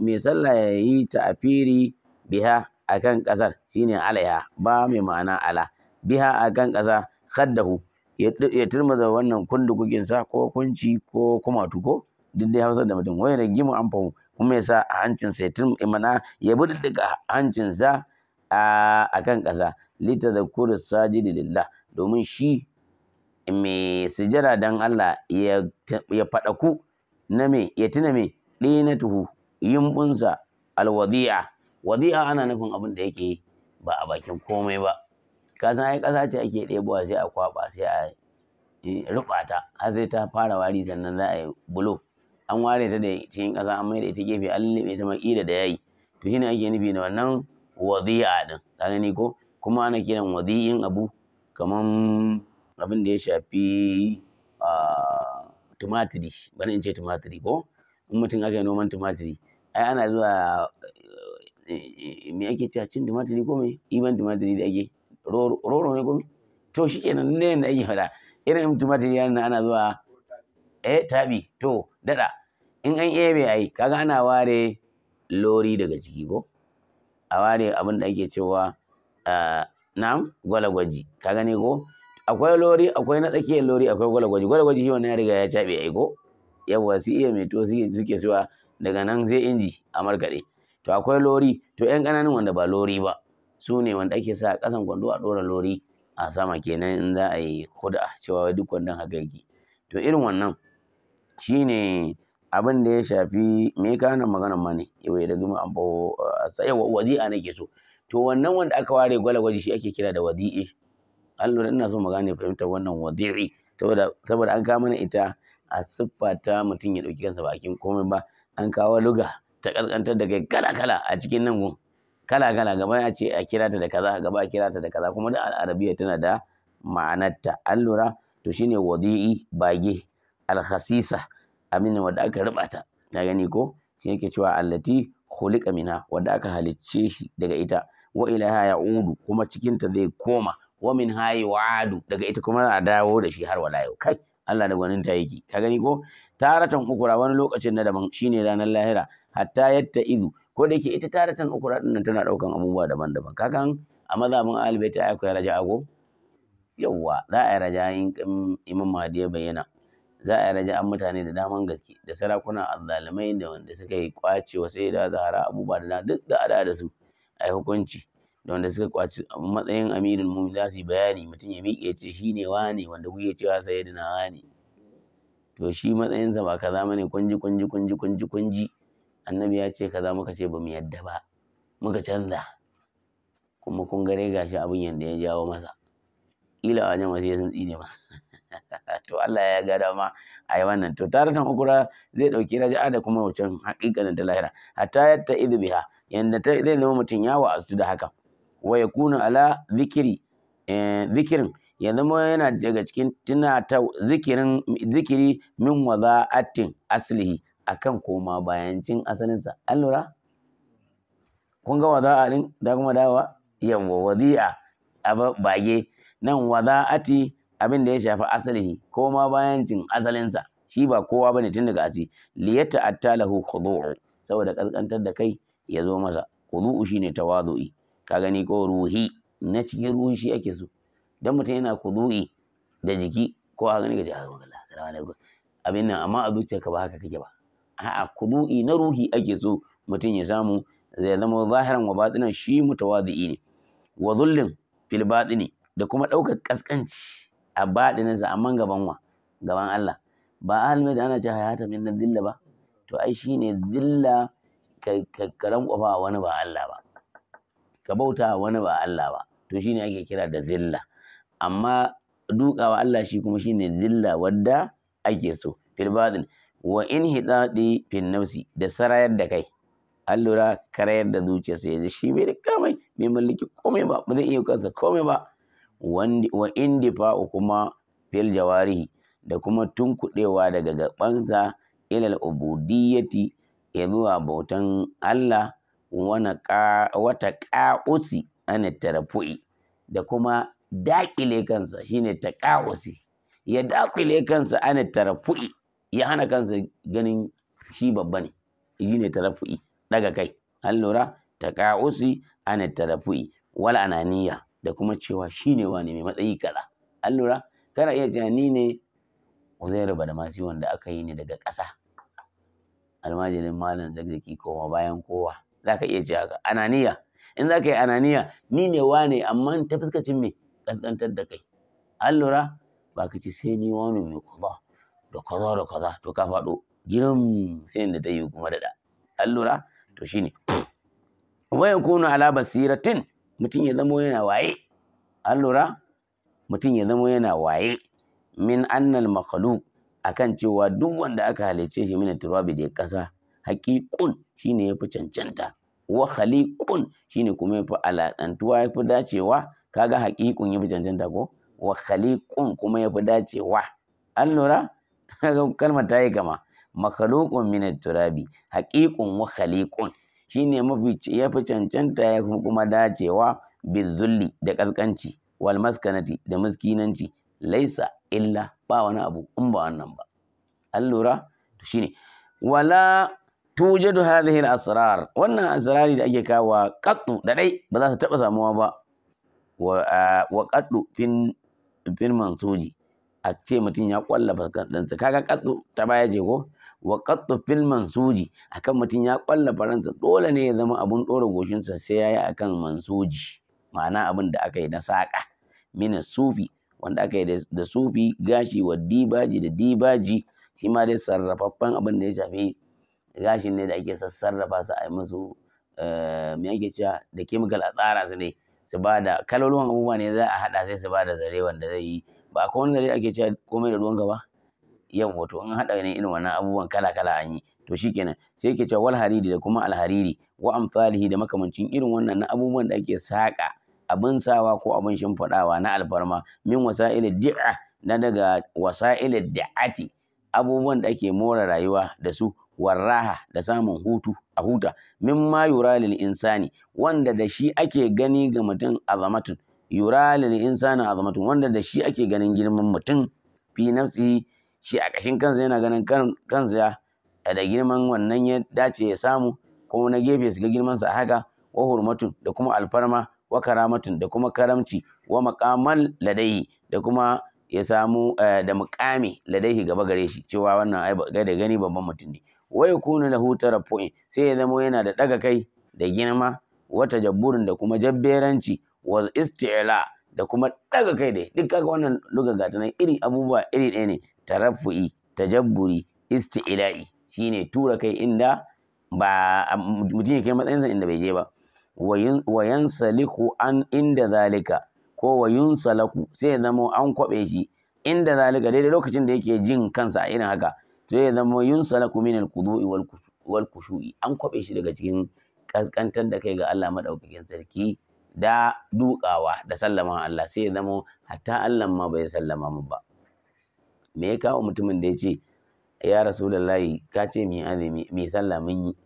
mai sallah ya yi ta'afiri biha akan ƙasar shine alaiha ba mai ma'ana ala biha akan ƙasa khaddahu ya turmaza wannan kundukukin sa ko kunci ko kumatu ko duk dai hausar da mutum wani ragimu an fahimu kuma ya sa a hancinsa ya turmana ya budduka hancinsa a kan ƙasa lita da kuris sajidi lillah domin shi mai sujada don Allah ya faɗaku na me ya tuna me ɗinatuhu yimbunsa alwadi'a wadi'a ana nufin abin da yake ba a bakin komai ba Kasan, ai ƙasa ce ake ɗebowa sai a kwaɓa sai a eh, rubata. har sai ta fara wari sannan za a yi bulo an ware ta da cikin ƙasa an maida ita gefe an lebe ta maƙila da yayi to shine ake nufi da wannan wazi'a din ka gani ko kuma ana kiran wazi'in abu kaman abin da ya shafi tumatiri bari in ce tumatiri ko in mutum aka yi noman tumatiri ai ana zuwa eh, eh, me ake cewa cin tumatiri ko me iban tumatiri da ake roro ne ko me to shikenan ne da ake faɗa irin tumatiri yana ana zuwa eh tabi to dada in an iya bai ai kaga ana ware lori daga ciki ko a ware abin da ake cewa na'am gwalagwaji kaga ne ko akwai lori akwai na tsakiyar lori akwai gwalagwaji gwalagwaji shi wannan ya riga ya cabe ya ko yawwa su iya mai to suke suwa daga nan zai inji a markaɗe to akwai lori to yan ƙananan wanda ba lori ba su ne wanda ake sa ƙasan kwando a ɗora lori a sama kenan in za a yi huda cewa duk kwandon haka yake to irin wannan shine abin da ya shafi me ka nan maganar ma ne yawai da gima an fa yawa wadi'a nake so to wannan wanda aka ware gwal-gwaji shi ake kira da wadi'i allura ina so magana ne fahimtar wannan wadi'i saboda an kawo mana ita a siffa ta mutum ya dauki kansa bakin komai ba an kawo luga ta kaskantar da kai kala kala a cikin nan gun kala kala gaba ya ce a kira ta da kaza gaba a kira ta da kaza kuma da al'arabiya tana da ma'anarta allura to shine wadi'i bage alhasisa amina wadda aka rubata, ta ka gani ko shi yake cewa allati khuliqa minha wadda aka halicce shi daga ita wa ilaha ya'udu kuma cikin ta zai koma wa min hayi wa adu daga ita kuma a dawo da shi har wala yau kai Allah da gwanin ta yake ka gani ko taratan ukura wani lokacin na daban shine ranar lahira hatta yatta idu ko da yake ita taratan ukura din nan tana daukan abubuwa daban-daban kakan a mazamin ahlul ta ku raja ko yawwa za a yi in imam mahdi ya bayyana za a yi an mutane da daman gaske da sarakuna azzalumai da wanda suka yi kwace sai da zahara abubuwa da duk da ada da su a hukunci da wanda suka kwaci matsayin amirin mu za su yi bayani mutum ya miƙe ce shi ne wani wanda kuke cewa sai yadda na wani. to shi matsayinsa ba kaza bane kunji kunji kunji kunji kunji annabi ya ce kaza muka ce ba mu yadda ba muka canza kuma kun gare gashi abin yadda ya jawo masa ila wajen wasu ya sun tsine ma to Allah ya ga dama a yi wannan to taratan ukura zai dauki raja'a da kuma wucin hakikanin ta lahira hatta yatta biha, yadda zai zama mutum ya wa'azu da haka wa kuna ala zikiri eh, zikirin ya zama yana daga cikin tunata zikirin zikiri min atin aslihi akan koma bayancin asalinsa an lura kun ga a din da kuma dawa yawa a bage nan waza'ati abin da ya shafi asalihi koma bayancin asalinsa shi ba kowa bane tun daga asi liyata attalahu khudu'u saboda kaskantar da kai ya zo masa khudu'u shine tawazu'i ka gani ko ruhi na cikin ruhi shi ake so dan mutum yana kudu'i da jiki ko a gani ka ce Salamu alaikum abin nan amma a zuciyarka ba haka kake ba a'a kudu'i na ruhi ake so mutum ya samu zai zama zahiran wa batinan shi mutawadi'i ne wa zullin fil batini da kuma ɗaukar kaskanci a sa amma gaban wa gaban Allah ba almai da ana ci hayata min dilla ba to ai shine dilla ka karam kofa wani ba Allah ba ka bauta wani ba Allah ba to shine ake kira da zilla amma dukawa Allah shi kuma shine zilla wadda ake so fil badin wa in hidadi fil nafsi da sarayar da kai allura karayar da zuciyarsa yanzu shi bai da kamai bai mallaki komai ba ba zai iya kansa komai ba wa in difa'u kuma fil jawarihi da kuma tunkuɗewa daga gabansa ilal ubudiyyati ya zuwa bautan Allah wata ƙa'usi an tarafu'i da kuma daƙile kansa shine ta ƙa'usi ya daƙile kansa an tarafu'i ya hana kansa ganin shi babba ne shine tarafu'i daga kai an lura ta ƙa'usi an tarafu'i wala ananiya da kuma cewa shine wane mai matsayi kaza an lura kana iya cewa ni ne Uzairu Badamasi wanda aka yi ne daga ƙasa almajirin malam zakzaki koma bayan kowa za ka iya ce haka ananiya in za ka yi ananiya ni ne wane amma ta fuskacin me kaskantar da kai an lura ba ka ci sai ni wani mai kaza da kaza da kaza to ka faɗo girin sai da ta yi kuma da da an lura to shine wa yakunu ala basiratin mutum ya zama yana waye an lura ya zamo yana waye min annal makhluq akan cewa duk wanda aka halice shi min turabi da kasa haƙiƙun shine yafi cancanta wa khaliqun shine kuma yafi alaɗantuwa yafi dacewa kaga haƙiƙun yafi cancanta ko wa khaliqun kuma yafi dacewa an lura kalmar ta yi gama makhluqun min turabi haƙiƙun wa khaliqun shine mafi yafi cancanta ya kuma dacewa bizulli da ƙasƙanci wal maskanati da miskinanci laisa illa ba wani abu in ba wannan ba an lura to shine wala tujadu hadhihi al-asrar wannan asrari da ake kawa qattu da dai ba za su taba samuwa ba wa wa qattu fin fin a ce mutum ya kwalla faransa kaga qattu ta baya je ko wa qattu fil mansuji akan mutum ya kwalla faransa dole ne ya zama abun dora goshinsa sai yayi akan mansuji ma'ana abin da aka yi na saƙa mina sufi wanda aka yi da sufi gashi wa dibaji da dibaji shi ma dai sarrafaffen abin da ya shafi gashin ne da ake sassarrafa su a musu eh, me ake cewa da chemical a tsara su ne su ba da kalolin abubuwa ne za a haɗa sai su ba da zare wanda zai yi ba ko wani zare ake cewa komai da ruwan gaba Yau hoto, in haɗa ne irin wannan abubuwan kala kala an yi to shikenan sai yake cewa wal hariri da kuma al hariri wa amsalihi da makamancin irin wannan na abubuwan da ake saƙa abin sawa ko abin shimfiɗawa na alfarma min wasa'il di'a na daga wasa'il da'ati abubuwan da ake more rayuwa da su warraha da samun hutu a huta min ma yuralil insani wanda da shi ake gani ga mutum azamatun yuralil insani azamatun wanda da shi ake ganin girman mutum fi nafsi shi a kashin kansa yana ganin kansa da girman wannan ya dace ya samu ko na gefe su ga girman sa haka wa hurmatun da kuma alfarma wa karamatun da kuma karamci wa maqamal ladai da kuma ya samu eh, da muƙami ladaihi gaba gare shi cewa wannan ai da gani babban mutum ne wa yakunu lahu tarafu'in sai ya zama yana da daga kai da girma wata jabburin da kuma jabberanci wa isti'la da kuma daga kai dai duk kaga wannan lugar gata nan iri abubuwa iri ɗaya ne tarafu'i tajabburi isti'la'i shine tura kai inda ba mutum ya matsayin inda bai je ba wa saliku an inda zalika ko wa yunsalaku sai ya zama an kwabe shi inda zalika daidai lokacin da yake jin kansa irin haka sai ya zama yunsalaku min alqudu'i wal kushu'i an kwabe shi daga cikin kaskantar da kai ga Allah maɗaukakin sarki da dukawa da sallama Allah sai ya zama hatta Allah ma bai sallama mu ba me ya kawo mutumin da ya ce ya rasulullahi ka ce mi azumi mi sallah yi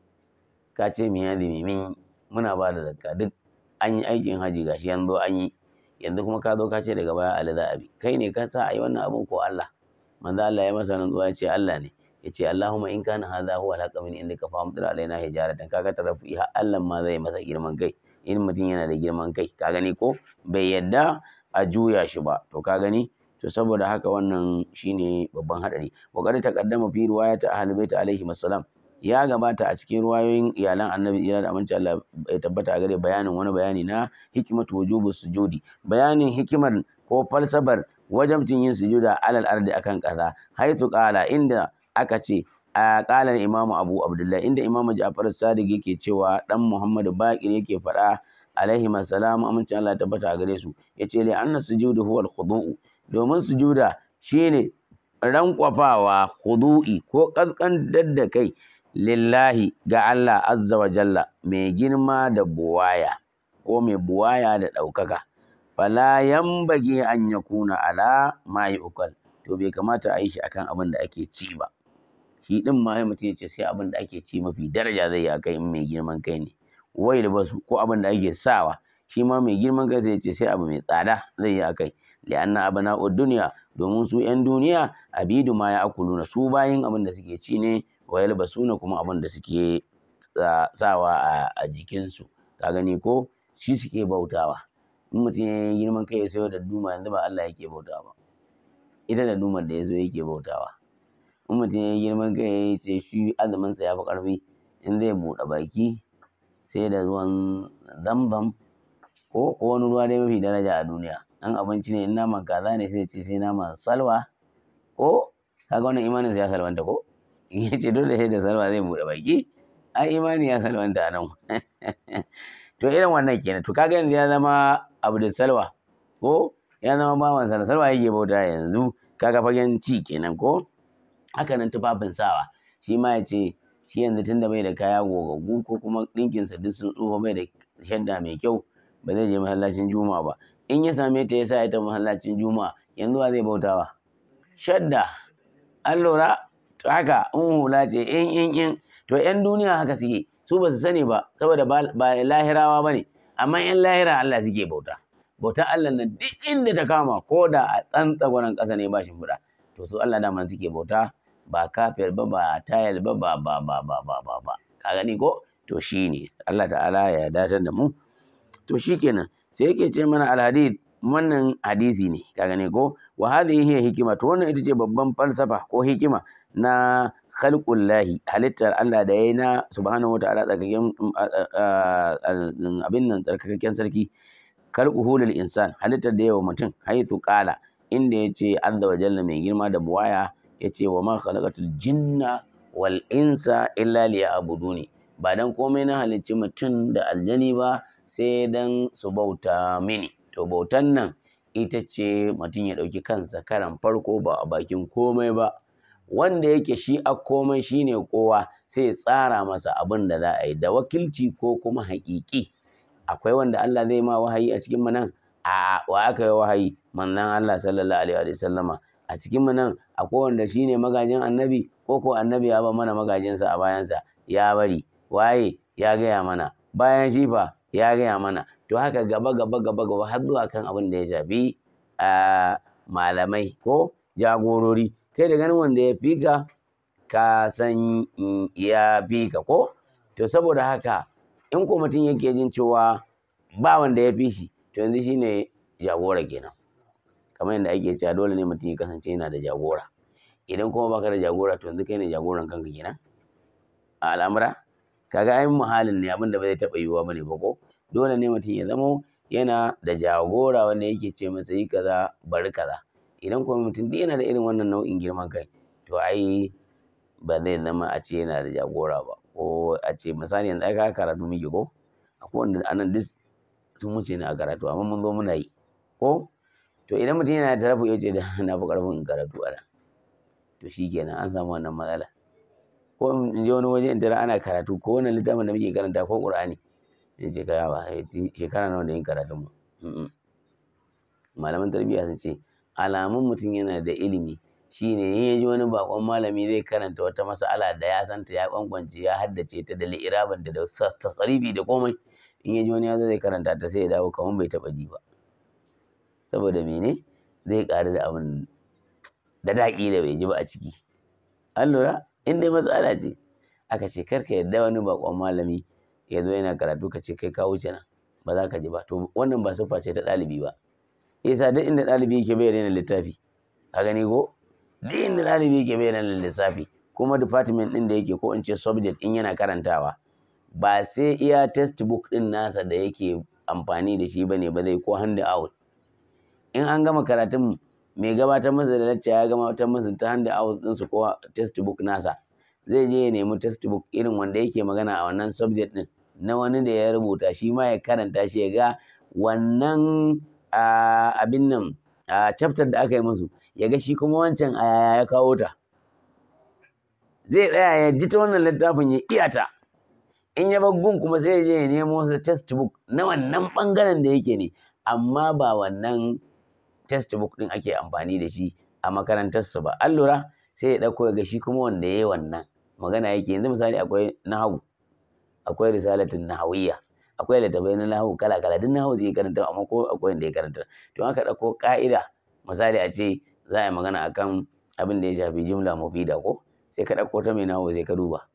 ka ce mi azumi mun muna ba da zakka duk an yi aikin haji gashi yanzu an yi yanzu kuma ka zo ka ce daga baya ali za bi kai ne ka sa a yi wannan abun ko Allah manzo Allah ya masa zuwa ya ce Allah ne yace Allahumma in kana hadha huwa alhaqa min indika fa amtir alaina hijaratan kaga tarafi har Allah ma zai masa girman kai in mutum yana da girman kai ka gani ko bai yadda a juya shi ba to ka gani to saboda haka wannan shine babban hadari wa qad taqaddama fi riwayat ahlul bait alaihi assalam ya gabata a cikin ruwayoyin iyalan annabi ira da aminci Allah ya tabbata a gare bayanin wani bayani na hikimatu wujubu sujudi bayanin hikimar ko falsafar wajabcin yin sujuda alal ardi akan kaza su qala inda aka ce a ƙalar imamu abu abdullahi inda imamu ja'far sadiq yake cewa dan muhammadu baƙin yake faɗa alaihi masalam amince Allah tabbata a gare su yace li anna sujudu huwa al kudu'u. domin sujuda shine rankwafawa khudu'i ko kaskantar da kai lillahi ga Allah azza wa jalla mai girma da buwaya ko mai buwaya da ɗaukaka fala yambage an yakuna ala ma ukal to bai kamata a yi shi akan abin da ake ci ba shi din ma mutum ya ce sai abin da ake ci mafi daraja zai yi ya kai mai girman kai ne wai da basu ko abin da ake sawa shi ma mai girman kai zai ce sai abu mai tsada zai yi akai li'anna abana duniya domin su yan duniya abidu ma ya akuluna su bayin abin da suke ci ne wa yalbasuna kuma abin da suke sawa a jikinsu ka gani ko shi suke bautawa in mutum ya yi girman kai ya sayo da duma yanzu ba Allah yake bautawa ba ita da dumar da ya zo yake bautawa in mutum ya yi girman kai ya ce shi azuminsa ya fi ƙarfi in zai buɗe baki sai da ruwan zambam ko ko wani ruwa dai mafi daraja a duniya dan abinci ne in naman kaza ne sai ce sai naman salwa ko kaga wannan imanin ya salwanta ko in ya ce dole sai da salwa zai buɗe baki ai imani ya salwanta a nan to irin wannan kenan to kaga yanzu ya zama abu da salwa ko ya zama ba man salwa yake bauta yanzu kaga fagen ci kenan ko haka nan tufafin sawa shi ma ya ce shi yanzu tun da mai da kaya gogaggu ko kuma ɗinkinsa duk sun tsufa bai da shadda mai kyau ba zai je masallacin juma'a ba in ya same ta ya sa ya ta masallacin juma'a yanzu ba zai bauta ba. shadda an lura to haka in hula ce in in in to yan duniya haka suke su ba su sani ba saboda ba lahirawa ba ne amma yan lahira Allah suke bauta bauta Allah nan duk inda ta kama ko da a tsantsa gwanan ƙasa ne ba shi fuda to su Allah daman suke bauta ba kafir ba ba tayal ba ba ba ba ba ba ba ba ka gani ko to shine Allah ta'ala ya datar da mu to shi shikenan sai yake ce mana alhadid wannan hadisi ne ka gani ko wa hadhihi hiya hikima to wannan ita ce babban falsafa ko hikima na khalqullahi halittar Allah da yayi na subhanahu ta'ala tsarkaken abin nan tsarkaken sarki khalquhu lil insan halittar da yawa mutum haythu qala inda yace azza wa jalla mai girma da buwaya Ya ce wa ma khalaqatul jinna wal insa illa liya'buduni ba dan komai na halicci mutum da aljani ba sai dan su bauta mini to bautan nan ita ce mutum ya ɗauki kansa karan farko ba a bakin komai ba wanda yake shi a komai shine kowa sai tsara masa abin da za a yi da wakilci ko kuma haƙiƙi akwai wanda Allah zai ma wahayi a cikin manan a wa aka yi wahayi manzon Allah sallallahu alaihi wa sallama a cikin mu nan akwai shi shine magajin annabi ko ko annabi ya ba mana magajinsa a bayansa ya bari waye ya gaya mana bayan shi fa ya gaya mana to haka gaba gaba gaba gaba har zuwa kan abin da ya shafi malamai ko jagorori kai da ganin wanda ya fi ka ka san ya fi ka ko to saboda haka in ko mutum yake jin cewa ba wanda ya fi shi to yanzu shine jagora kenan kamar yadda ake cewa dole ne mutum ya kasance yana da jagora idan kuma baka da jagora to yanzu kai ne jagoran kanka kenan a al'amura kaga ai muhalin ne abin da ba zai taɓa yiwuwa bane ba ko dole ne mutum ya zamo yana da jagora wanda yake ce masa yi kaza bari kaza idan kuma mutum duk yana da irin wannan nau'in girman kai to ai ba zai zama a ce yana da jagora ba ko a ce misali yanzu ka karatu muke ko akwai wanda anan duk sun wuce ni a karatu amma mun zo muna yi ko to idan mutum yana da rabu ya ce na fi karfin in karatu ana to shi kenan an samu wannan matsala ko in je wani waje in tara ana karatu ko wani littafin da muke karanta ko ƙur'ani in ce kaya ba eh, shekara nawa da yin karatun mu malaman tarbiyya sun ce alamun mutum yana da ilimi shine in ya ji wani bakon malami zai karanta wata mas'ala da ya santa ya kwankwance ya haddace ta da li'irabanta da tasarifi da komai in ya ji wani ya zai karanta ta sai ya dawo kamar bai taɓa ji ba saboda mene zai karu da abin da daƙi da bai ji ba a ciki an lura in dai matsala ce aka ce karka yadda wani bakon malami ya zo yana karatu ka ce kai ka wuce nan ba za ka ji ba to wannan ba sufa ce ta ɗalibi ba yasa duk inda ɗalibi yake bayyana littafi a gani ko duk inda ɗalibi yake bayyana littafi kuma department ɗin da yake ko in ce subject in yana karantawa ba sai iya textbook ɗin nasa da yake amfani da shi bane ba zai ko hand out in an gama karatun mai gabatar masa da lacca ya gabatar masa ta handa out su ko textbook nasa zai je ya nemi textbook irin wanda yake magana a wannan subject ɗin na wani da ya rubuta shi ma ya karanta shi ya ga wannan abin nan a chapter da aka yi musu ya ga shi kuma wancan a yaya ya kawo ta zai tsaya ya ji ta wannan littafin ya iya ta in ya gun kuma sai ya je ya nemo wasu textbook na wannan bangaren da yake ne amma ba wannan textbook din ake amfani da shi a su ba an lura sai ya ɗauko ga shi kuma wanda ya yi wannan magana yake yanzu misali akwai nahawu akwai risalatun nahawiyya akwai littafai na nahawu kala kala duk nahawu zai karanta amma ko akwai wanda ya karanta to aka ɗauko ka'ida, misali a ce za a yi magana akan abin da ya shafi jumla mufida ko sai ka ɗauko ta mai nahawu sai ka duba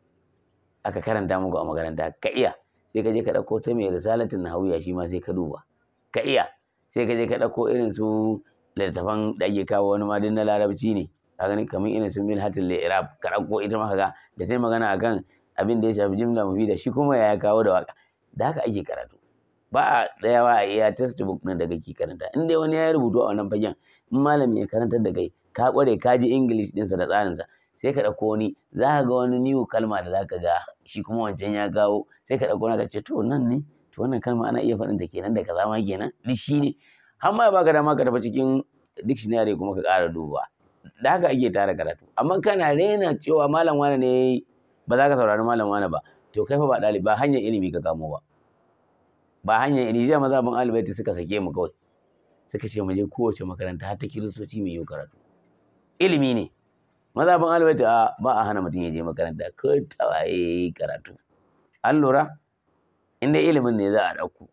aka karanta muku a makaranta ka iya sai ka je ka ɗauko ta mai risalatun nahawiyya shi ma sai ka duba ka iya sai ka je ka ɗauko irin su littafan da ake kawo wani ma na larabci ne ka gani kamar irin su milhatul li'rab ka ɗauko ita ma kaga da sai magana akan abin da ya shafi jimla da shi kuma ya kawo da waka da haka ake karatu ba a tsayawa a iya textbook ɗin da kake karanta in dai wani ya rubutu a wannan fagen in malami ya karanta da kai ka kware ka ji english ɗinsa da tsarin sa. sai ka ɗauko wani za ka ga wani new kalma da za ka ga shi kuma wancan ya kawo sai ka ɗauko na ka ce to nan ne to wannan kalma ana iya faɗin ta kenan da kaza ma kenan duk shi ne har ma baka dama ka tafi cikin dictionary kuma ka ƙara duba da haka ake tara karatu amma kana rena cewa malam wani ne ba za ka saurari malam wani ba to kai fa ba ɗalibi ba hanyar ilimi ka kamo ba ba hanyar ilimi jiya maza bin alibaiti suka sake mu kawai suka ce mu je kowace makaranta har ta kiristoci mai yi karatu ilimi ne maza bin alibaiti ba a hana mutum ya je makaranta ko tawaye karatu an lura in dai ilimin ne za a ɗauko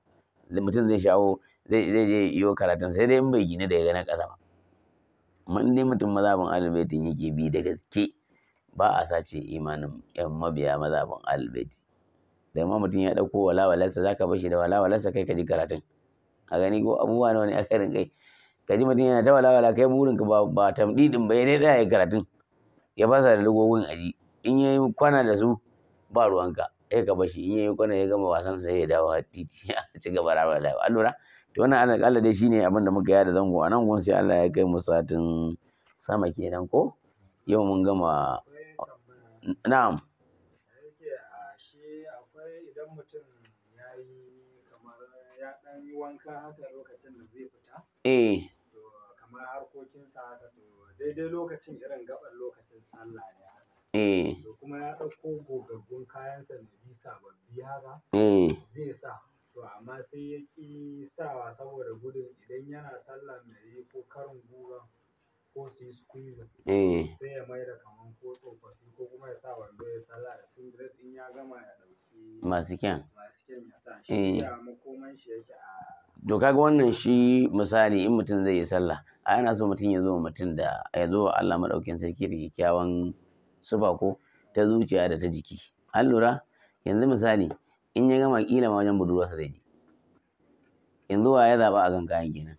mutum zai shawo zai zai je yiwo karatun sai dai in bai gina daga na ƙasa ba amma in dai mutum mazhabin albaitin yake bi da gaske ba a sace imanin yan mabiya mazhabin albaiti da ma mutum ya ɗauko walawalarsa zaka bar shi da walawalarsa kai ka ji karatun a gani ko abubuwa nawa ne aka kai? ka ji mutum yana ta walawala kai burin ba ba tamdidin ba ya dai karatun ya fasa da lugogin aji in yayi kwana da su ba ruwanka ya gaba shi in yayi kwana ya gama wasan sa ya dawo titi ya ci gaba da rayuwa an lura to wannan Allah kalla dai shine abin da muka da zango anan gun sai Allah ya kai mu satin sama kenan ko yau mun gama na'am Eh. irin lokacin sallah ne. Eh. kuma ya ɗauko gogaggun kayansa ne sababbi haka. Eh. Zai sa. To amma sai ya ki sawa saboda gudun idan yana sallah mai ko karin guga ko su yi squeezing. Eh. Sai ya maida kaman ko tsofaffi ko kuma ya sa wando ya sallah da singlet ya gama ya Masu kyan. Masu kyan ya sa. Shi ya eh. makoman shi yake a to kaga wannan shi misali in mutum zai yi sallah a yana so mutum ya zo mutum da ya zo Allah madaukin sarki da kyakkyawan Suba ko ta zuciya da ta jiki an lura yanzu misali in ya gama kila ma wajen budurwarsa zai yanzu wa ya zaba a gangayen kenan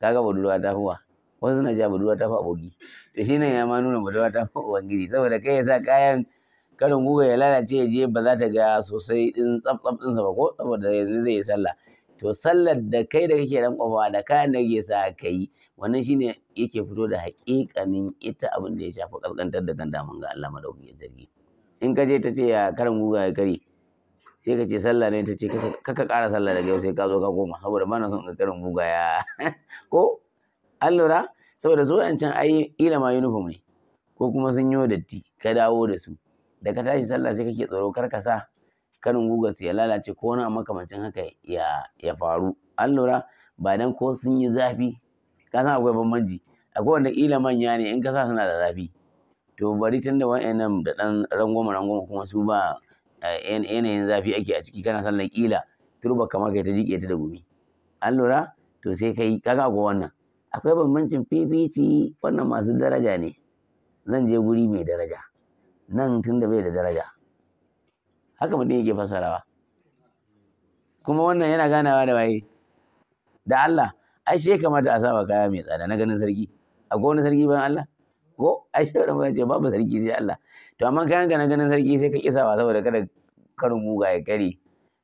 kaga budurwa ta fuwa wasu na ja budurwa ta fi aboki to shi ne ya ma nuna budurwa ta fi ubangiji saboda kai ya sa kayan karin guga ya lalace ya je ba za ta ga sosai din tsaf tsaf ɗinsa ba ko saboda yanzu zai yi sallah to sallar da kai da kake kofa da kayan da kake sa kai wannan shine yake fito da haƙiƙanin ita abin da ya shafi kalkantar da kanta mun ga Allah madaukakin sarki in ka je ta ce ya karin guga ya kari sai ka ce sallah ne ta ce kaka ƙara sallah daga yau sai ka zo ka koma saboda ba na son ka karin guga ya ko an lura saboda su waɗancan ai ila ma uniform ne ko kuma sun yi datti ka dawo da su da ka tashi sallah sai kake tsoro kar ka sa karin su ya lalace ko wani makamancin haka ya ya faru an lura ba dan ko sun yi zafi ka san akwai bambanci akwai wanda kila manya ne in ka sa suna da zafi to bari tun da wa'annan da dan rangoma rangoma kuma su ba eh, yanayin zafi ake a ciki kana sallan kila turba kamar kai ta jike ta da gumi an lura to sai kai kaga ko wannan akwai bambancin fifici wannan masu daraja ne zan je guri mai daraja nan tun da bai da daraja haka mutum yake fasarawa kuma wannan yana ganawa da waye da Allah ai shi kamata a saba kaya mai tsada na ganin sarki a gona sarki ban Allah ko ai shi wani ce babu sarki sai Allah to amma kayan ka na ganin sarki sai ka kisawa saboda kada karin muga ya kare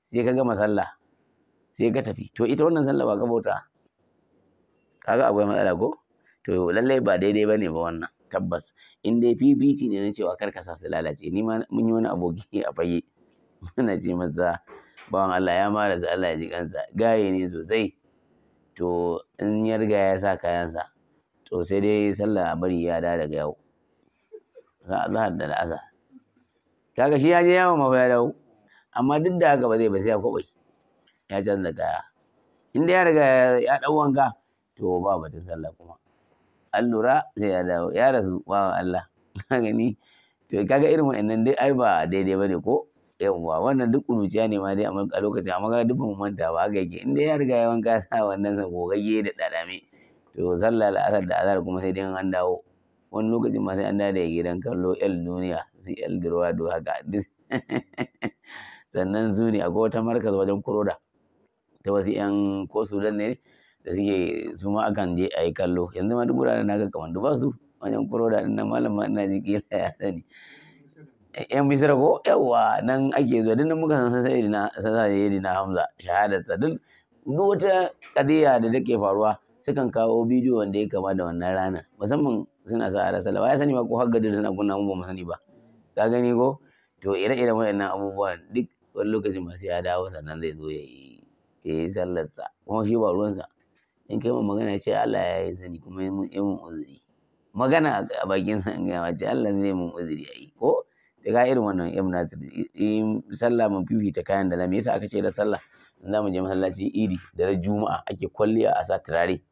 sai ka gama sallah sai ka tafi to ita wannan sallah ba ka bauta kaga akwai matsala ko to lallai ba daidai bane ba wannan tabbas in dai fifici ne na cewa kar ka sa su lalace ni ma mun yi wani aboki a fage muna ce masa bawan Allah ya mara rasu Allah ya ji kansa gaye ne sosai to in ya riga ya sa kayansa to sai dai sallah a bari ya da daga yau zahar da asa. kaga shi ya je yawon mafi ya dawo amma duk da haka ba zai ba sai ya kwabai ya canza kaya in ya riga ya ɗau wanka to ba batun sallah kuma an lura sai ya dawo ya rasu bawan Allah Na gani to kaga irin wa'annan dai ai ba daidai bane ko yawwa wannan duk ƙuruciya ne ma dai a lokacin amma ga duk mu manta ba ga yake in dai ya riga ya wanka sa wannan sa gogagge da dadame to sallar asar da azar kuma sai dai an dawo wani lokacin ma sai an dawo da gidan kallo el duniya sai el do haka sannan su ne akwai wata markaz wajen kuroda ta wasu yan ko sudan ne da suke su ma akan je a yi kallo yanzu ma duk wuraren na ga kamar duba su wajen kuroda din nan malam ma ina ji kila ya sani yan misira ko yawa nan ake zuwa duk muka san sai na sai dina Hamza ta din duk wata kadiya da take faruwa sukan kawo bidiyo wanda ya kama da wannan rana. musamman suna sa a rasa ya sani ma ko har gadir suna kunna mu ba mu sani ba ka gani ko to ire-iren waɗannan abubuwan duk wani lokacin masu ya dawo sannan zai zo ya yi ya yi sallarsa kuma shi ba ruwansa in kai ma magana ce Allah ya yi sani kuma ya mun uzuri magana a bakin sa in gaya ce Allah zai mun uzuri ayi ko da ga irin wannan ya munazir in sallah mun fifita kayan da zamu yasa aka ce da sallah in zamu je masallacin idi da na juma'a ake kwalliya a sa turare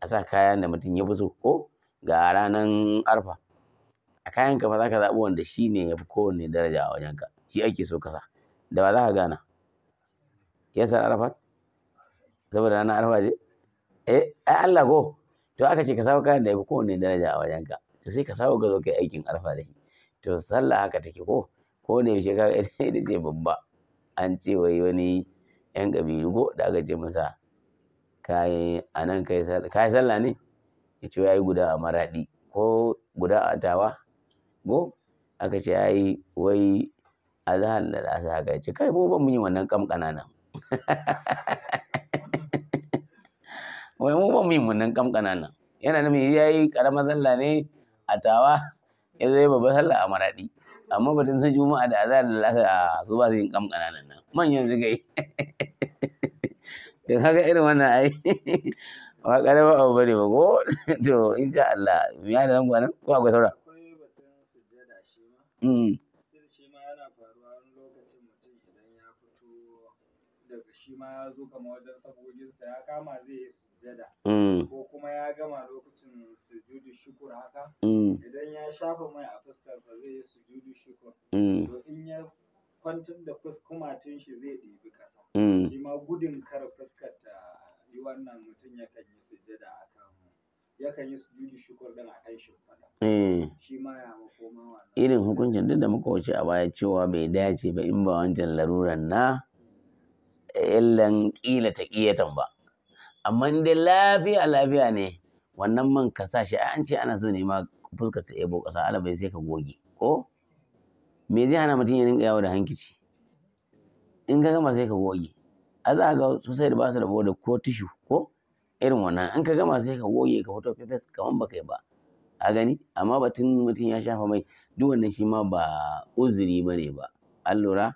a sa kayan da mutum ya fi so ko ga ranan arfa a kayan ka fa zaka zabi wanda shine yafi kowanne daraja a wajen ka shi ake so ka sa da ba za ka gana ya san arfa saboda ranan arfa je eh ai Allah ko to aka ce ka sa kayan da yafi kowanne daraja a wajen ka to sai ka sa ka zo kai aikin arfa da shi to sallah haka take ko ko da yaushe kaga da ce babba an ce wai wani yan kabilu ko da aka ce masa kai anan kai sallah kai sallah ne ya ce yayi guda a maradi ko guda a tawa ko aka ce yayi wai azhar da asa haka ce kai mu ban mun yi wannan kam kanana wai mu ban mun yi wannan kam kanana yana nan yayi karamar sallah ne a tawa ya zo ya babba sallah a maraɗi amma batun sun juma'a da azar da lasa a su ba su yin kam kananan nan manyan zuga yi don haka irin wannan ai ba karama abu bane ba ko to insha Allah ya da zangwa nan ko akwai saura shi ma ya zo kama wajen sabogin sa ya kama zai yi sujada mm. ko kuma ya gama lokacin sujudu shukur haka mm. idan ya shafa mai a fuskarsa zai yi sujudu shukur mm. to in ya kwantar da fuskumatin shi zai ɗibi ƙasa mm. shi ma gudun kar fuskar ta yi wannan mutum yakan yi sujada a kan yakan yi sujudu shukur ɗin a kan shimfiɗa shi ma ya makoma wannan irin hukuncin duk da muka wuce a baya cewa bai dace ba in ba wancan laruran na illan ƙila ta ƙiyatan ba amma dai lafiya lafiya ne wannan man ka sa shi an ce ana so ne ma fuskar ta ebo ƙasa bai sai ka goge ko me zai hana mutum ya rinka yawo da hankici in ka gama sai ka goge a za ga sosai da ba su rabo da ko tishu ko irin wannan in ka gama sai ka goge ka fito fefes kamar baka yi ba a gani amma batun mutum ya shafa mai duk wannan shi ma ba uzuri ba ne ba an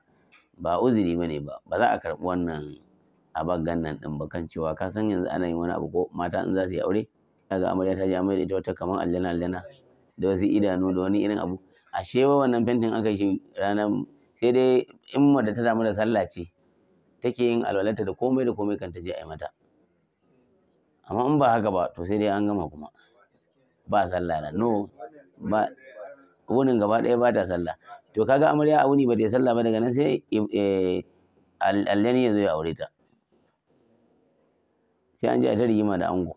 ba uzuri ba ne ba ba za a karɓi wannan a baggan nan ɗin ba kan cewa ka san yanzu ana yin wani abu ko mata in za su yi aure daga amarya ta je amarya ita wata kamar allana allana da wasu idanu da wani irin abu ashe wa wannan fentin aka shi ranar sai dai in da ta damu da sallah ce take yin alwalarta da komai da komai kan ta je a yi mata amma in ba haka ba to sai dai an gama kuma ba sallah na no ba wunin gaba ɗaya ba ta sallah to kaga amarya a wuni ba ta sallah ba daga nan sai eh, eh, allani ya zo ya aure ta sai an ji a ta rigima da ango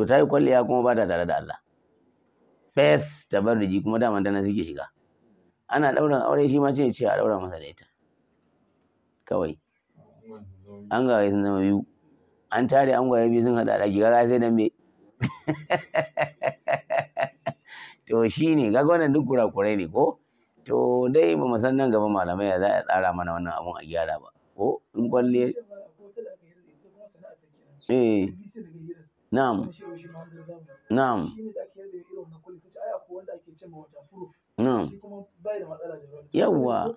to ta yi kwalliya kuma ba ta tare da Allah fes ji kuma daman tana suke shiga ana ɗaurin aure shi ma ce ce a ɗaura masa da ita kawai an ga sun zama biyu an tare an gwaye biyu sun haɗa ɗaki gara sai dan me to shi ne kaga wannan duk kurakurai ne ko to dai ba mu san nan gaba malamai ya za a tsara mana wannan abun a gyara ba ko in kwalle eh na'am na'am na'am yawwa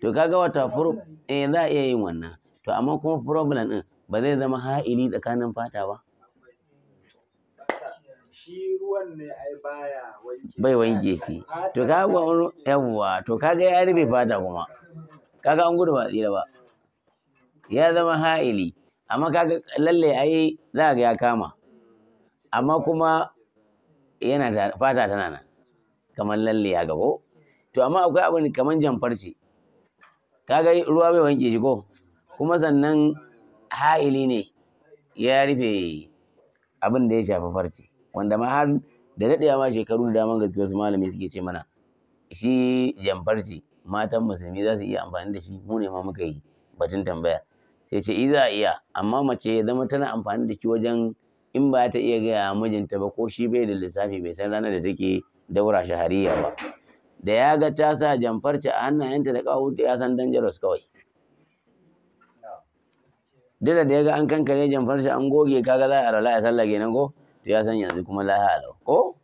to kaga wata furu? eh za a iya yin wannan to amma kuma problem din ba zai zama ha'ili tsakanin fata ba shi ruwan ne ai baya wanke bai wanke shi to kaga yawwa to kaga ya rufe fata kuma kaga an gudu ba tsira ba ya zama ha'ili amma kaga lalle ai za ga ya kama amma kuma yana da fata tana nan kamar lalle ya gabo to amma akwai abin kamar jamfarci kaga ruwa bai wanke shi ko kuma sannan ha'ili ne ya rufe abin da ya shafi farce wanda ma har da daɗewa ma shekaru da damar gaske wasu malami suke ce mana shi jamfarci matan musulmi za su iya amfani da shi mu ne ma muka yi batun tambaya sai ce i za a iya amma mace ya zama tana amfani da shi wajen in ba ta iya gaya mijinta ba ko shi bai da lissafi bai san ranar da take daura shahariya ba da ya ga ta sa jamfarci a hannayenta da kawunta ya san dangerous kawai duk da ya ga an kankare jamfarci an goge kaga za a rala ya sallage nan ko to ya san yanzu kuma laha alau ko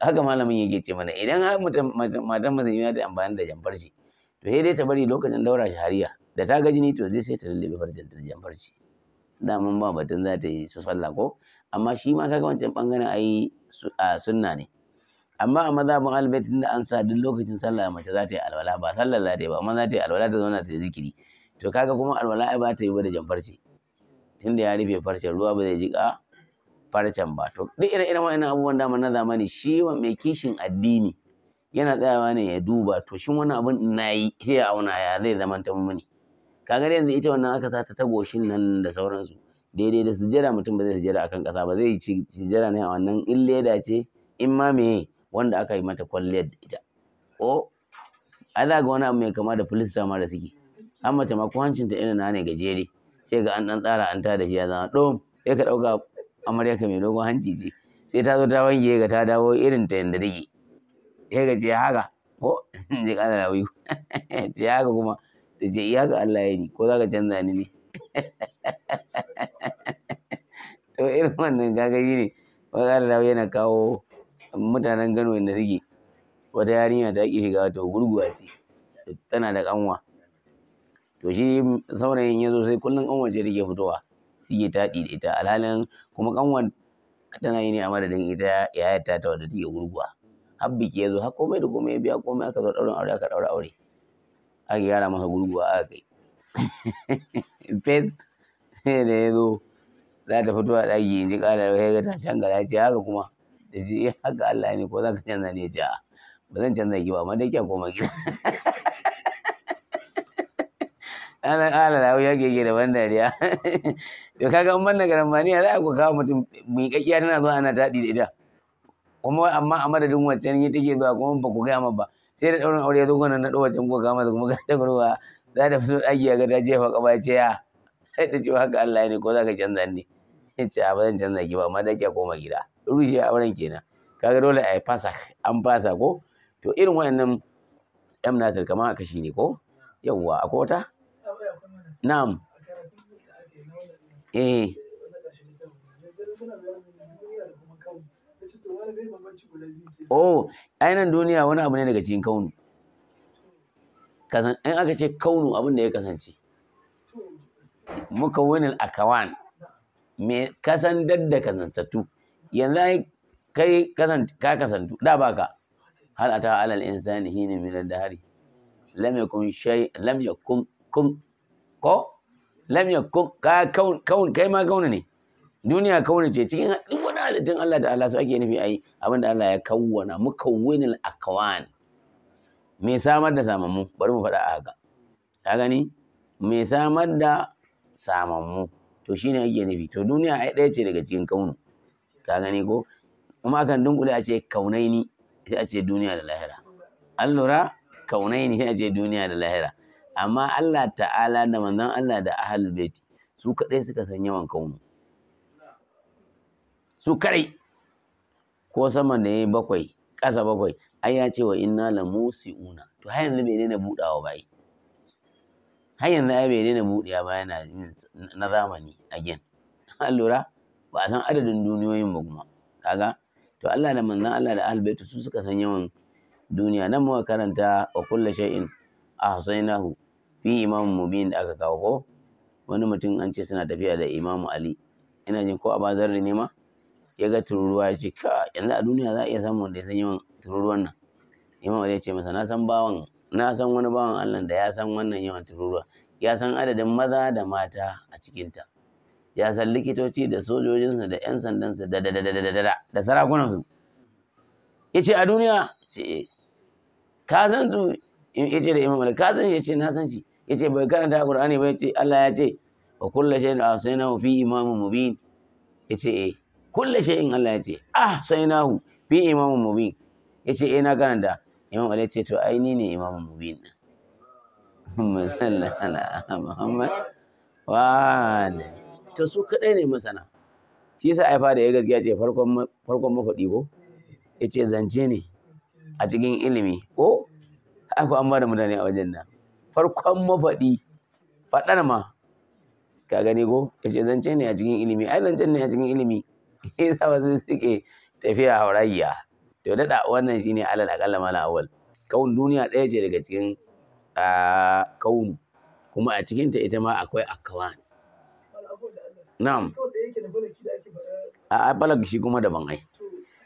haka malamin yake ce mana idan har matan musulmi ta amfani da jamfarci to sai dai ta bari lokacin daura shahariya da ta ga jini to zai sai ta lullube farjin ta jan farci daman ba batun za ta yi su sallah ko amma shi ma kaga wancan bangaren ayi a sunna ne amma a mazhabin albayt da an sa duk lokacin sallah mace za ta yi alwala ba sallar za ta yi ba amma za ta yi alwala ta zauna ta yi zikiri to kaga kuma alwala ai ba ta yi ba da jan farci tunda ya rufe farcen ruwa ba zai jika farcen ba to duk ire-iren wa'annan abubuwan dama na zamani shi mai kishin addini yana tsayawa ne ya duba to shin wani abin na yi sai ya auna ya zai zama ta mini kaga yanzu ita wannan aka sata ta goshin nan da sauransu daidai da sujjada mutum ba zai sujjada akan ƙasa ba zai ci sujjada ne a wannan in leda ce in ma meye wanda aka yi mata kwalliyar da ita ko ai za ga wani abu mai kama da filista ma da suke an mace ma ko hancinta irin na ne gajere sai ga an ɗan tsara an tada shi ya zama ɗom sai ka ɗauka amarya ka mai dogon hanci ce sai ta zo ta wanke ga ta dawo irin ta yanda take sai ka ce haka ko je ka da ce haka kuma da ce iya ga Allah ya yi ko za ka canza ni ne to irin wannan gagaji ne wanda da yana kawo mutanen gano da suke wata yarinya ta ake shiga ta gurguwa ce tana da kanwa to shi saurayin ya zo sai kullum kanwa ce take fitowa suke taɗi da ita alhalin kuma kanwa tana yi ne a madadin ita yayata ta ta wadda take gurguwa har biki ya zo har komai da komai ya biya komai aka zo ɗaurin aure aka ɗaura aure a gyara masa gurguwa a kai fes da ya zo za ta fito a ɗaki in ji ƙara ya ga ta canza ya ce haka kuma da ji eh, haka Allah ne ko za ka canza ne ya ce a ba zan canza ki ba amma dai kya koma gida ana ƙara da ya ke da ban dariya to kaga in ban garin a za a ku kawo mutum mai kakkiya tana zuwa ana taɗi da ita kuma amma a madadin wancan yi take zuwa kuma ba ku gaya ma ba sai da ɗaurin aure ya zo gwanan na ɗaura can goga masa kuma ga ta ruwa? za ta fito ɗaki a ga ta jefa ƙaba ce ya sai ta ce haka Allah ne ko za ka canza ni In ce a ba zan canza ki ba amma da ki koma gida rushe auren kenan kaga dole a yi fasa an fasa ko to irin wayannan yan nasir kamar haka shi ne ko yawwa akwai wata na'am eh oh ainihin duniya wani abu ne daga cikin kaunu in aka ce kaunu abin da ya kasance muka wani akawan mai kasantar dadda kasantattu yanzu kai ka kasantu da ba ka. hal ata alal insani hina min ad-dahri lam yakun shay lam yakun kun kun, ko lam yakun ka kai ma kauna ne duniya kauna ce cikin halittun Allah da Allah su ake nufi ai abin da Allah ya kawwana mukawwinul akwan me samar da samammu bari mu faɗa a haka ka gani me samar da samammu to shine ake nufi to duniya ai ɗaya ce daga cikin kaunu ka gani ko kuma akan dunkule a ce kaunaini sai a ce duniya da lahira an lura kaunaini sai a ce duniya da lahira amma Allah ta'ala da manzon Allah da ahlul baiti su kaɗai suka san yawan kaunu su kadai ko sama ne bakwai ƙasa bakwai ai ya ce wa inna la musiuna to har yanzu bai daina budawa bai har yanzu ai bai daina budewa ba yana na zamani again an lura ba a san adadin duniyoyin ba kuma kaga to Allah da manzon Allah da albaitu su suka san yawan duniya nan muka karanta wa kullu shay'in ahsaynahu fi imam mubin da aka kawo ko wani mutum an ce suna tafiya da imamu ali ina jin ko a bazar ne ma ya ga tururuwa ya ce ka yanzu a duniya za a iya samun wanda ya san yawan tururuwan nan imam ya ce masa na san bawan na san wani bawan Allah da ya san wannan yawan tururuwa ya san adadin maza da mata a cikinta ya san likitoci da sojojinsa da 'yan sandansa da da da da da da sarakunansu ya ce a duniya ce eh. ka san su ya ce da imam Ali. ka san ya ce na san shi ya ce bai karanta qur'ani ba ya ce Allah ya ce wa kullu shay'in ahsaynahu fi imamin mubin ya ce eh kulle shay'in Allah ya ce ah sai nahu bi imamu mubin yace eh na karanta imam Ali ce to ai ni ne imamu mubin din Allahumma salli ala Muhammad wa ali to su kadai ne masana shi yasa ai da ya gaskiya ce farkon farkon mafadi ko yace zance ne a cikin ilimi ko aka an bada mutane a wajen nan farkon mafadi fadar ma ka gani ko yace zance ne a cikin ilimi ai zance ne a cikin ilimi yasa wasu suke tafiya haurayya to daɗa wannan shine alal aƙalla mala awal kawun duniya ɗaya ce daga cikin kawun kuma a cikinta ita ma akwai akawan na'am a falak shi kuma daban ai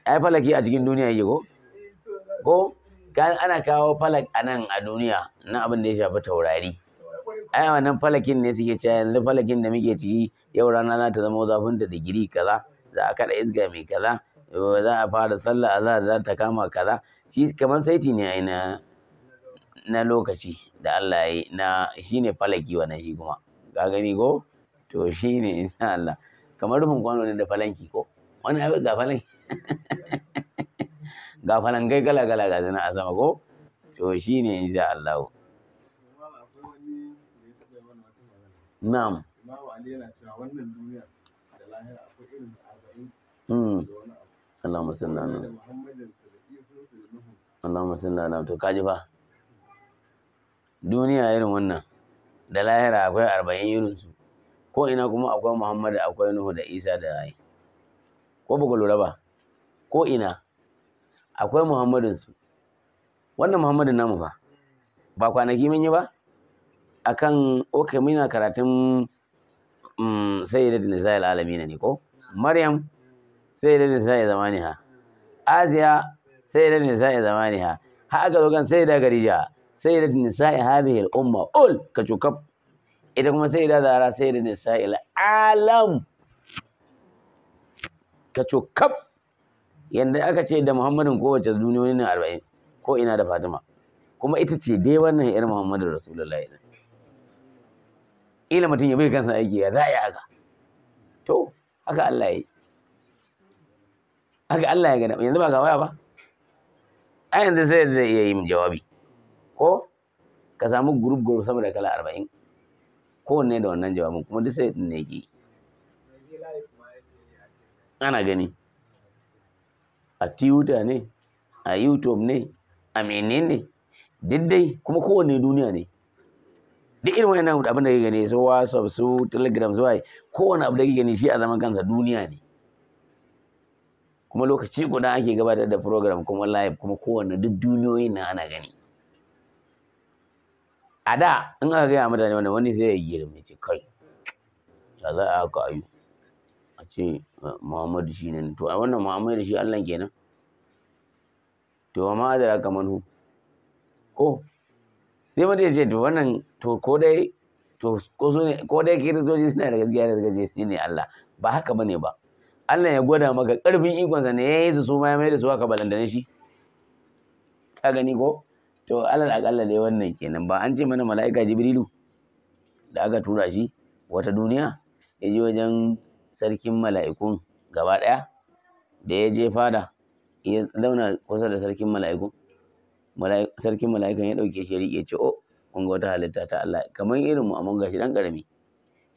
ai falaki a cikin duniya yake ko ko ana kawo falak a nan a duniya na abin da ya shafi taurari ai wannan falakin ne suke cewa yanzu falakin da muke ciki yau rana za ta zama zafin ta digiri kaza za a kaɗa isga mai kaza za a fara sallah a za ta kama kaza shi kamar saiti ne aina na na lokaci da Allah ya yi na shine falaki wannan shi kuma ka gani ko to shine insha Allah kamar rufin kwano ne da falanki ko wani abin ga falanki ga falankai kala kala ga zana a sama ko to shine insha Allah na'am Imam Ali yana cewa wannan duniya Hmm. Allahumma salli ala Allahumma salli ala to kaji fa duniya irin wannan da lahira akwai arba'in irin su ko ina kuma akwai Muhammadu akwai Nuhu da Isa da Ai ko ba lura ba ko ina akwai Muhammadin su wannan Muhammadin namu fa ba kwanaki mun yi ba akan okay muna karatun um, mm, sayyidat nisail alamin ne ko Maryam sai nisa ya zama niha aziya sai nisa ya zama niha har aka zo kan sai da garija sai da nisa'i ya al-umma ol ka cukab ita kuma sai da zara sai da nisa ya alam ka cukab Yadda aka ce da Muhammadin kowace duniyoyi na arba'in ko ina da Fatima kuma ita ce dai wannan yar Muhammadu Rasulullahi ne ila mutum ya bai kansa aiki ya za ya haka to haka Allah ya yi haka Allah ya gane yanzu ba ga waya ba a yanzu sai zai iya yin jawabi ko ka samu group group sama da kala arba'in kowanne da wannan jawabin kuma duk sai ne yake ana gani a twitter ne a youtube ne a menene duk dai kuma kowanne duniya ne duk irin wannan abin da kake gani su whatsapp su telegram su waye kowanne abu da kake gani shi a zaman kansa duniya ne kuma lokaci guda ake gabatar da program kuma live kuma kowanne duk duniyoyi na ana gani a da in aka gaya mutane wannan wani sai ya yi girma ya ce kai ya za a haka ayu a ce ah, muhammadu shi ne to a wannan muhammadu shi allah kenan to ma adara kamar manu ko sai mutum ya ce to wannan to ko dai to ko dai kiristoci suna da gaskiya da gaskiya ne Allah ba haka bane ba Allah ya gwada maka ƙarfin ikonsa ne ya yi su suma ma ya mai da su haka balandane shi ka gani ko to alal akalla dai wannan kenan ba an ce mana mala'ika jibrilu da aka tura shi wata duniya ya je wajen sarkin mala'ikun gaba ɗaya da ya je fada ya zauna kusa da sarkin mala'ikun sarkin mala'ikan ya ɗauke shi ya riƙe ce o oh, kun ga wata halitta ta Allah kamar irin mu amma gashi dan ƙarami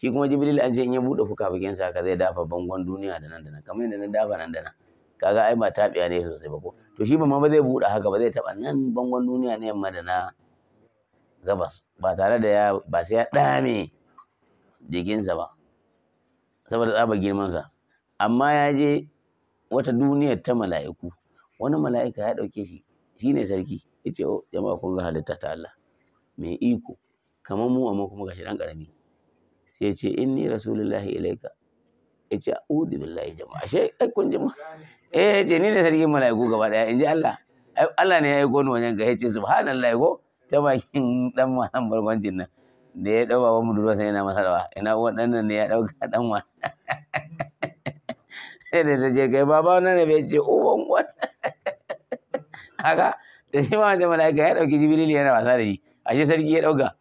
shi kuma jibril an ce in ya buɗe fukafukin sa haka zai dafa bangon duniya da nan da nan kamar yadda na dafa nan da nan kaga ai ba biya ne sosai ba ko to shi ba ma ba zai buɗe haka ba zai taɓa nan bangon duniya ne yamma da na gabas ba tare da ya ba sai ya ɗame jikinsa ba saboda tsaba girmansa amma ya je wata duniyar ta mala'iku wani mala'ika ya ɗauke shi shine sarki ya ce oh, jama'a kun ga halitta ta Allah mai iko kamar mu amma kuma gashi dan ƙarami sai ce inni rasulullahi ilaika ya ce a'udhu billahi jama'a ashe ai kun jama'a eh je ni ne sarkin mala'iku gaba daya inji Allah Allah ne ya yi gono wajen ga yace subhanallahi ko ta bakin dan malam barbancin nan da ya dauka wa mudurwa sai yana masa rawa ina wadannan ne ya dauka dan wa sai da je kai baba wannan ne bai ce uban wata haka da shi ma wanda mala'ika ya dauki jibril yana wasa da shi ashe sarki ya dauka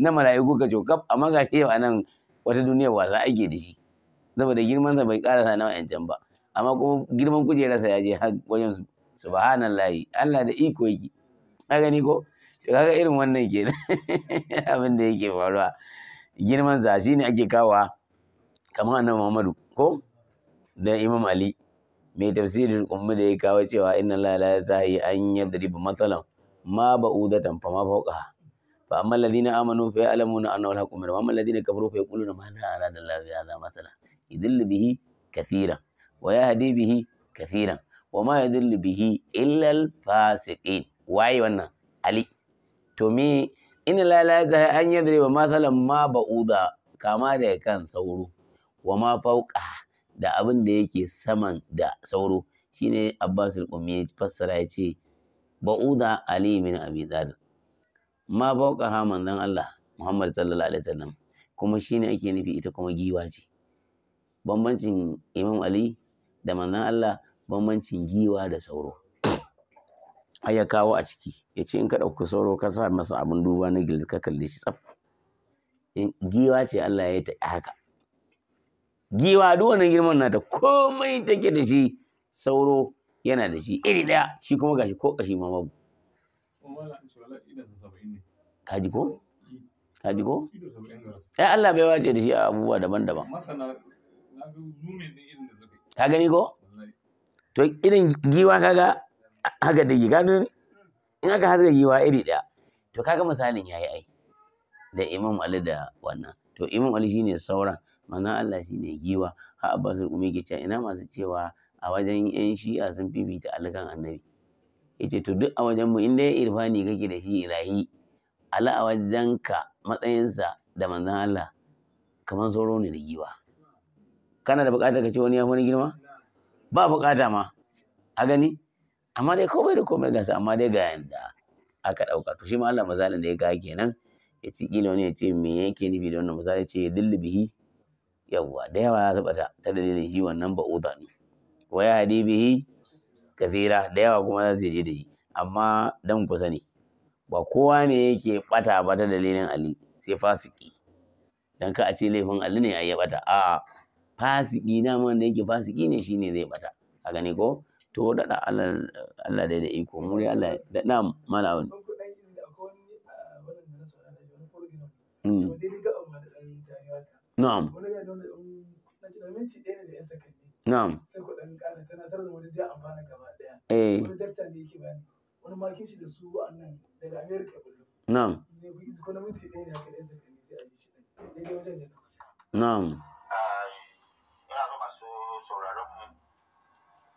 na mala'iku ka jokaf amma ga shi a nan wata duniyar wasa ake da shi saboda girman sa bai karasa na wa'ancan ba amma kuma girman kujerarsa ya je har wajen su Allah da iko yake ka gani ko to kaga irin wannan da abin da yake faruwa girman sa shine ake kawa kamar annabi Muhammadu ko da Imam Ali mai tafsirin ummi da ya kawo cewa inna la la yasahi an yadribu matsalan ma ba'udatan fa ma fawqaha فأما الذين آمنوا فيعلمون أنه الحق من وأما الذين كفروا فيقولون ماذا أراد الله بهذا مثلا يدل به كثيرا ويهدي به كثيرا وما يدل به إلا الفاسقين واي وانا علي تومي إن لا لا يزهى أن يضرب مثلا ما بعوضة kama da kan sauro wa ma fauka da abin da yake saman da sauro shine Abbasul Qummi ya fassara ya ce ba'uda Ali min Abi Talib ma bauka ha manzon Allah Muhammad sallallahu alaihi wasallam kuma shine ake nufi ita kuma giwa ce bambancin Imam Ali da manzon Allah bambancin giwa da sauro ai ya kawo a ciki ya ce in ka ɗauki sauro ka sa masa abin duba na gilis ka kalle shi tsaf giwa ce Allah ya yi ta haka giwa duk wannan girman nata komai take da shi sauro yana da shi iri ɗaya shi kuma gashi ko kashi ma babu kaji ko kaji ko Sai Allah bai wace da shi a abubuwa daban-daban ka gani ko to irin giwa kaga haka da giwa ne in aka harga giwa iri daya to kaga misalin yayi ai da Imam Ali da wannan to Imam Ali shine sauran manzon Allah shine giwa ha Abbasul Umi ke cewa ina masu cewa a wajen yan shi'a sun fifita alkan annabi yace to duk a wajen mu inda irfani kake da shi ilahi ala a ka matsayinsa da manzan Allah kamar sauro ne da giwa kana da bukatar ka ce wani ya wani girma ba bukata ma a gani amma dai komai da komai gasa amma dai ga yanda aka dauka to shi ma Allah misalin da ya ga kenan ya ci kila wani ya ce me yake nufi da wannan misali ce dilli bihi yawwa da yawa ya zubata. ta dalilin shi wannan ba uda ne wa ya hadi bihi kazira da yawa kuma za su je da shi amma dan ku sani ba kowa ne yake bata ba ta dalilin ali sai fasiki dan ka a ce laifin ali ne ya bata a fasiki na man da yake fasiki ne shine zai bata a gane ko to da Allah Allah dai da iko mu dai Allah da na mala wani Na'am. Na'am. da Eh. wani shi da su wa'annan daga america kullum na'am kuna minti ɗaya ne haka ɗan sakani sai a ji shi daidai wajen ne na'am ina ga masu sauraron mu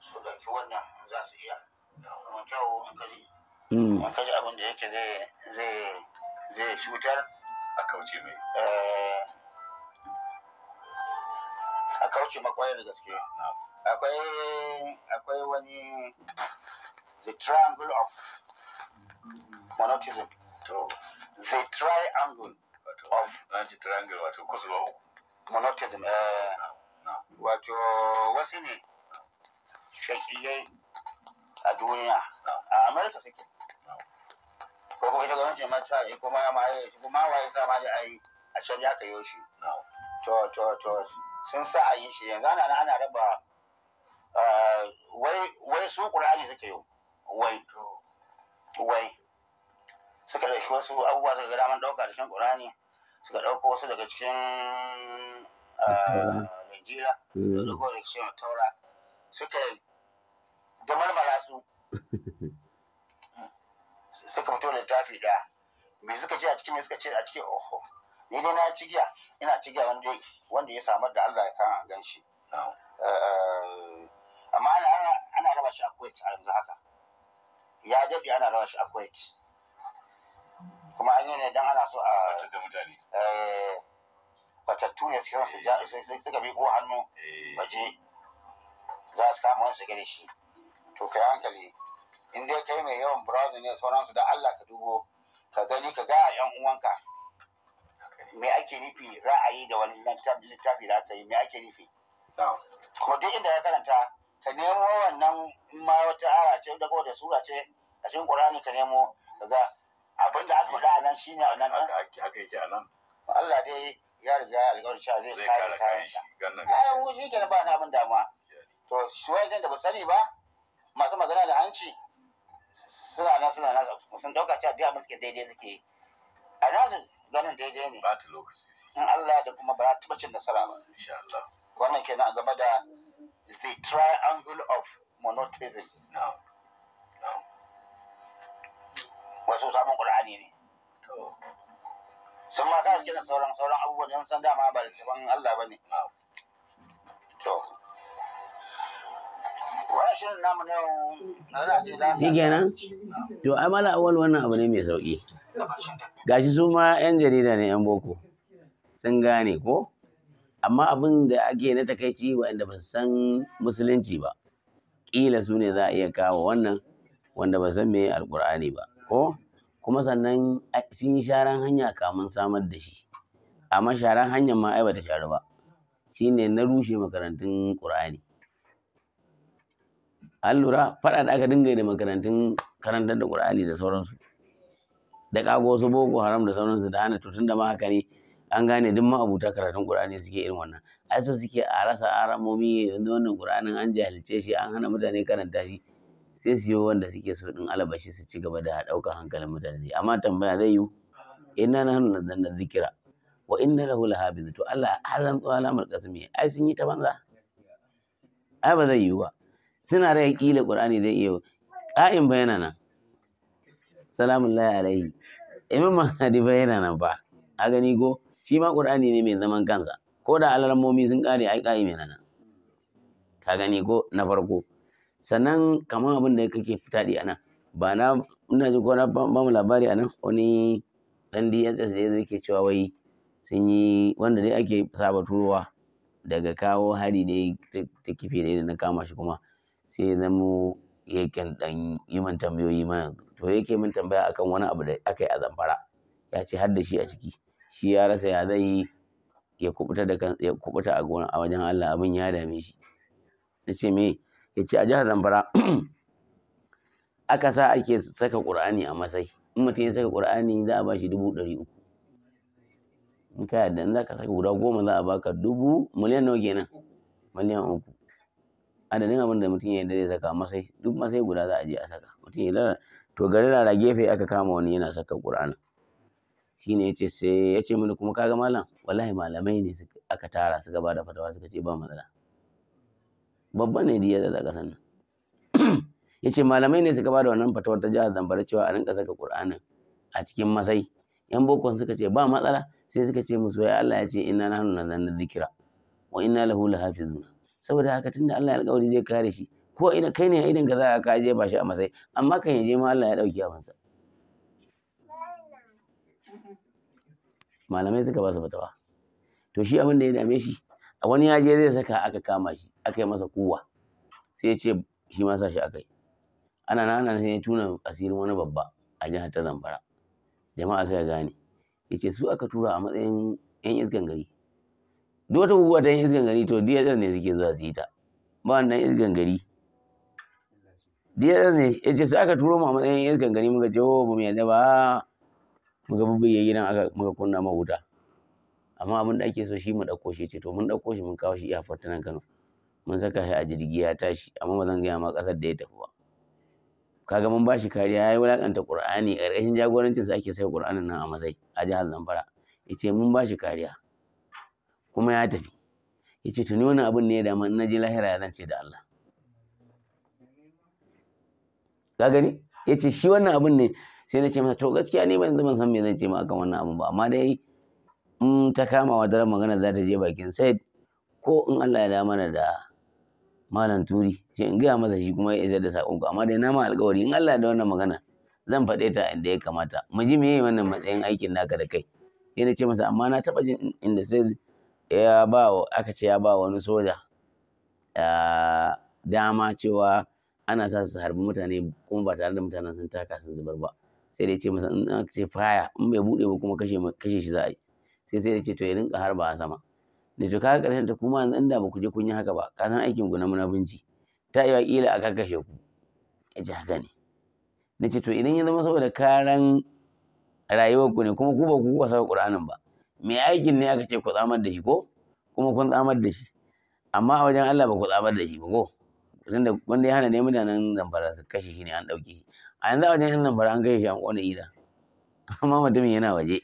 su ɗauki wannan za su iya kuma kyau in kaji mm. in ji abin da yake zai zai zai cutar a kauce mai eh, a kauce makwayar gaske akwai akwai wani the triangle of monotheism So, the triangle of anti triangle wato kusurwa monotheism eh wato wasu ne shakiyai a duniya a amurka suke ko kuma ita gwamnati ma ko kuma sa ma a can ya kayo to to to sun sa a shi yanzu ana ana raba eh, wai wai su qur'ani suke yau wai wai suka ɗauki wasu abubuwa suka ga daman ɗauka da shan ƙurani suka ɗauko wasu daga cikin Najeriya ah, da eh. ɗauko daga cikin Taura suka da malmala su suka fito da littafi ɗaya me suka ce a cikin me suka ce a cikin oho ni dai na cigiya ina cigiya wanda wanda ya samar da Allah ya kan gan shi eh, eh, amma ana raba shi a kowace a yanzu haka ya daɗe ana rawa shi a kuwait kuma an yi ne don ana so a da fatattu eh, ne suka su ja sai suka bi ko hannu eh. waje za su kama wani shiga da shi to kai hankali in dai kai mai yawan browser ne sauransu da Allah ka dubo ka gani ka ga yan uwanka me ake nufi ra'ayi da wani littafi da aka yi me ake nufi kuma duk inda ya karanta ka nemo wannan in ma wata ara ce da wata sura ce a cikin Qur'ani ka nemo kaga abin da aka faɗa a nan shine a nan aka yake a nan Allah dai ya riga alƙawarin cewa zai kare kayan shi ai mu shi kenan ba na abin damuwa to shi wajen da ba sani ba masu magana da hanci suna nan suna nan sun dauka cewa duk abin suke daidai suke a nasu ganin daidai ne ba ta lokaci in Allah da kuma ba ta taɓa cin nasara ba insha Allah wannan kenan game da the triangle of monotheism. No. No. Wasu samun Qur'ani ne. To. Sun ma kasu kiran sauran sauran abubuwan yan san dama ba littafin Allah ba ne. To. Wani shirin namu na yau Shi kenan? To, amala awal wannan abu ne mai sauƙi. Gashi su ma 'yan jarida ne 'yan boko. Sun gane ko? amma abin da ake na takaici waɗanda ba san musulunci ba ƙila su ne za a iya kawo wannan wanda ba san me alƙur'ani ba ko kuma sannan sun yi sharan hanya kamun samar da shi amma sharan hanyar ma ai ta sharu ba shine na rushe makarantun ƙur'ani an lura faɗa da aka dinga da makarantun karantar da ƙur'ani da sauransu da ƙago su boko haram da sauransu da hana tutun da ma haka ne an gane duk ma'abuta karatun ƙur'ani suke irin wannan ai so suke a rasa aramomi yanzu wannan ƙur'anin an jahilce shi an hana mutane karanta shi sai su yi wanda suke so din alabashi su ci gaba da ɗaukar hankalin mutane amma tambaya zai yi inna nahnu nazzalna dhikra wa inna lahu lahafiz to Allah har rantsuwa lamar kasmi ai sun yi ta banza ai ba zai yi ba suna rai kila ƙur'ani zai iya ƙa'in bayana nan salamun lahi alaihi imam mahdi bayana nan ba a gani ko? shi ma qur'ani ne mai zaman kansa ko da alalmomi sun kare ai kai mai nana ka gani ko na farko sannan kamar abin da kake fita di anan ba na ina ji ko na ba mu labari anan wani dan DSS da yake cewa wai sun yi wanda dai ake saba turowa daga kawo hari ne ta kife da na kama shi kuma sai zamo dan yi min tambayoyi ma to yake min tambaya akan wani abu da aka yi a zamfara ya ce har da shi a ciki shi ya rasa ya zai yi ya kubuta da ya kubuta a gona a wajen Allah abin ya dame shi nace me yace a jihar Zamfara aka sa ake saka Qur'ani a masai in mutum ya saka Qur'ani za a bashi dubu ɗari uku in ka yarda in za ka saka guda goma za a baka dubu miliyan nawa kenan miliyan uku adadin abin da mutum ya yarda zai saka masai duk masai guda za a je a saka mutum ya to gari rara gefe aka kama wani yana saka Qur'ani shine yace sai yace mini kuma kaga malam wallahi malamai ne aka tara suka da fatawa suka ce ba matsala babban ne diya da kasan nan yace malamai ne suka bada wannan fatawar ta jihar Zamfara cewa a rinka saka Qur'ani a cikin masai yan bokon suka ce ba matsala sai suka ce musu wai Allah ya ce inna nahnu nazzalna dhikra wa inna lahu lahafizun saboda haka tunda Allah ya alƙawari zai kare shi ko ina kai ne idan ka za ka je ba shi a masai amma kan yaje ma Allah ya dauki abinsa malamai suka ba su fatawa to shi abin da ya dame shi a wani ya je zai saka aka kama shi aka yi masa kuwa sai ya ce shi ma sa shi aka yi ana nan ana sai ya tuna asirin wani babba a jihar ta Zamfara jama'a sai ya gane ya ce su aka tura a matsayin yan iskan gari duk wata guguwa ta yan iskan gari to DSS ne suke zuwa su yi ta ba wannan iskan gari DSS ne ya ce su aka turo mu a matsayin yan iskan gari muka ce o oh, ba mu yarda ba Muga muka yayi gidan aka muka kunna ma wuta amma abin da ake so shi mu ɗauko shi ce to mun ɗauko shi mun kawo shi iya ta nan Kano mun saka shi a jirgi ya tashi amma ba zan gaya ma ƙasar da ya tafi ba kaga mun bashi kariya yayi wulakanta Qur'ani ƙarƙashin jagorancin sa ake sai Qur'anin nan a Masai a jihar Zamfara yace mun bashi kariya kuma ya tafi yace tuni wannan abin ne da man na je lahira ya zance da Allah ka gani yace shi wannan abin ne sai na ce masa to gaskiya ne ban ban san me zan ce ma akan wannan abun ba amma dai in ta kama wa daren magana za ta je bakin sai ko in Allah ya dama na da malam turi sai in gaya masa shi kuma ya isar da sakon ku amma dai na ma alƙawari in Allah ya da wannan magana zan faɗe ta inda ya kamata mu ji me wannan matsayin aikin naka da kai sai na ce masa amma na taɓa jin inda sai ya ba aka ce ya ba wani soja dama cewa ana sa su harbi mutane kuma ba tare da mutanen sun taka sun zubar ba sai dai ce masa in aka ce faya in bai bude ba kuma kashe kashe shi za a yi sai sai ce to ya rinka harba a sama da to kaga karshen ta kuma yanzu da ba ku je kun yi haka ba ka san aikin ku na munafunci ta yi kila a kakkashe ku ya ji haka ne na ce to idan ya zama saboda karan rayuwar ku ne kuma ku ba ku saka Qur'anin ba me aikin ne aka ce ku tsamar da shi ko kuma kun tsamar da shi amma a wajen Allah ba ku tsamar da shi ba ko wanda ya hana ne mutanen zamfara su kashe shi ne an ɗauke shi a yanzu a wajen yan nan bara an gaishe an kona gida amma mutumin yana waje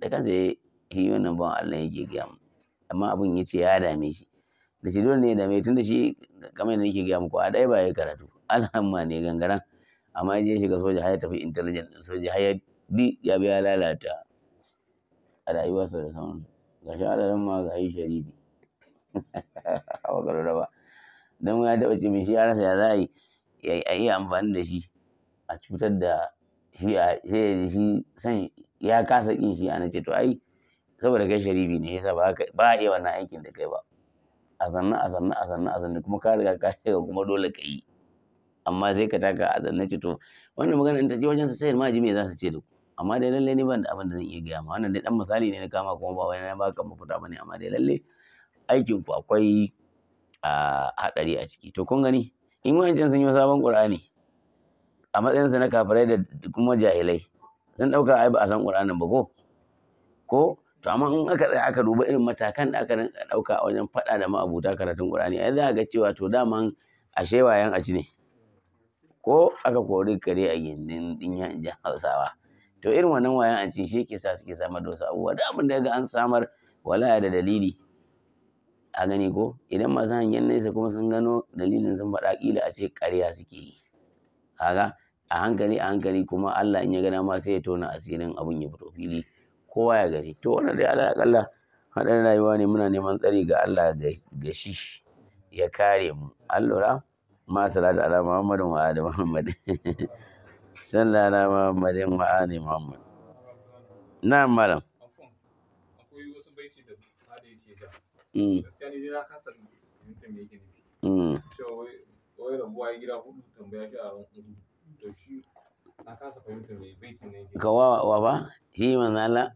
da kansa ya yi wannan ban Allah yake gaya mu amma abin ya ce ya dame shi da shi dole ne ya dame tun da shi kamar yadda yake gaya muku a ɗaya ba ya karatu alhamma ne gangaran amma ya je shiga soja har ya tafi intelligent ɗin soja har ya bi ya bi ya lalata a rayuwarsa da sauran ga shi alalan ma ga yi sharifi hawa garura ba don ya taɓa ce shi ya rasa ya za a yi a iya amfani da shi a cutar da shi a sai shi san ya kasa kin shi ana ce to ai saboda kai sharibi ne yasa ba ba yi iya wannan aikin da kai ba a zanna a zanna a zanna a zanna kuma ka riga ka shiga kuma dole ka yi amma sai ka taka a zanna ce to wannan magana in ta je wajen sa sai ma ji me za su ce da ku amma dai lalle ne ban da abin da zan iya gaya ma wannan dai dan misali ne na kama kuma ba wai na ka mafuta bane amma dai lalle aikin ku akwai a ah, hadari a ciki to kun gani in wancan sun yi sabon qur'ani a sa na kafirai da kuma jahilai sun ɗauka ai ba a san ƙur'anin ba ko ko to amma in aka tsaya aka duba irin matakan da aka rinka ɗauka a wajen faɗa da ma'abuta karatun ƙur'ani ai za ga cewa to daman ashe wayan a ci ne ko aka kori kare a gindin dinya in ji hausawa to irin wannan wayan a ci shi ke sa suke samar da wasu abubuwa da abin da ga an samar walaya da dalili a gani ko idan masu hangen nesa kuma sun gano dalilin sun faɗa ƙila a ce ƙarya suke yi kaga a hankali a hankali kuma Allah in ya gana ma sai ya tona asirin abun ya fito fili kowa ya gani to wannan dai Allah akalla rayuwa ne muna neman tsari ga Allah ga shi ya kare mu Allora ma salatu ala muhammadin wa ali muhammad sallallahu ala muhammadin wa ali muhammad na'am malam Ka wa ba? Shi manzo Allah?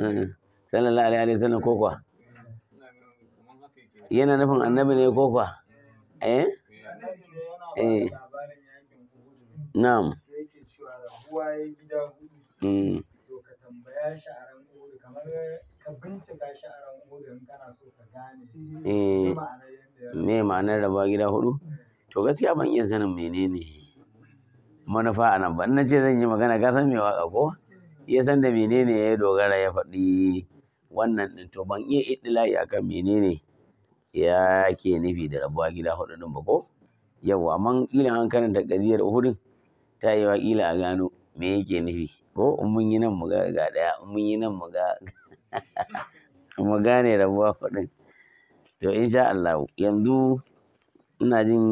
Eh, sallallahu alaihi wa sallam ko Yana nufin annabi ne ko Eh? Eh. Na'am. Hmm. Eh. Me ma'anar raba gida hudu? To gaskiya ban iya sanin menene manufa a nan ba in ce zan yi magana ka san me waka ko ya san da menene ya dogara ya faɗi wannan ɗin to ban iya iddila'i akan menene ya ke nufi da rabuwa gida hudu din ba ko yau amma kila an karanta ƙadiyar uhudin ta yi wa kila a gano me yake nufi ko in mun yi nan mu ga ga ɗaya in mun yi nan mu ga mu gane rabuwa faɗin to insha Allah yanzu ina jin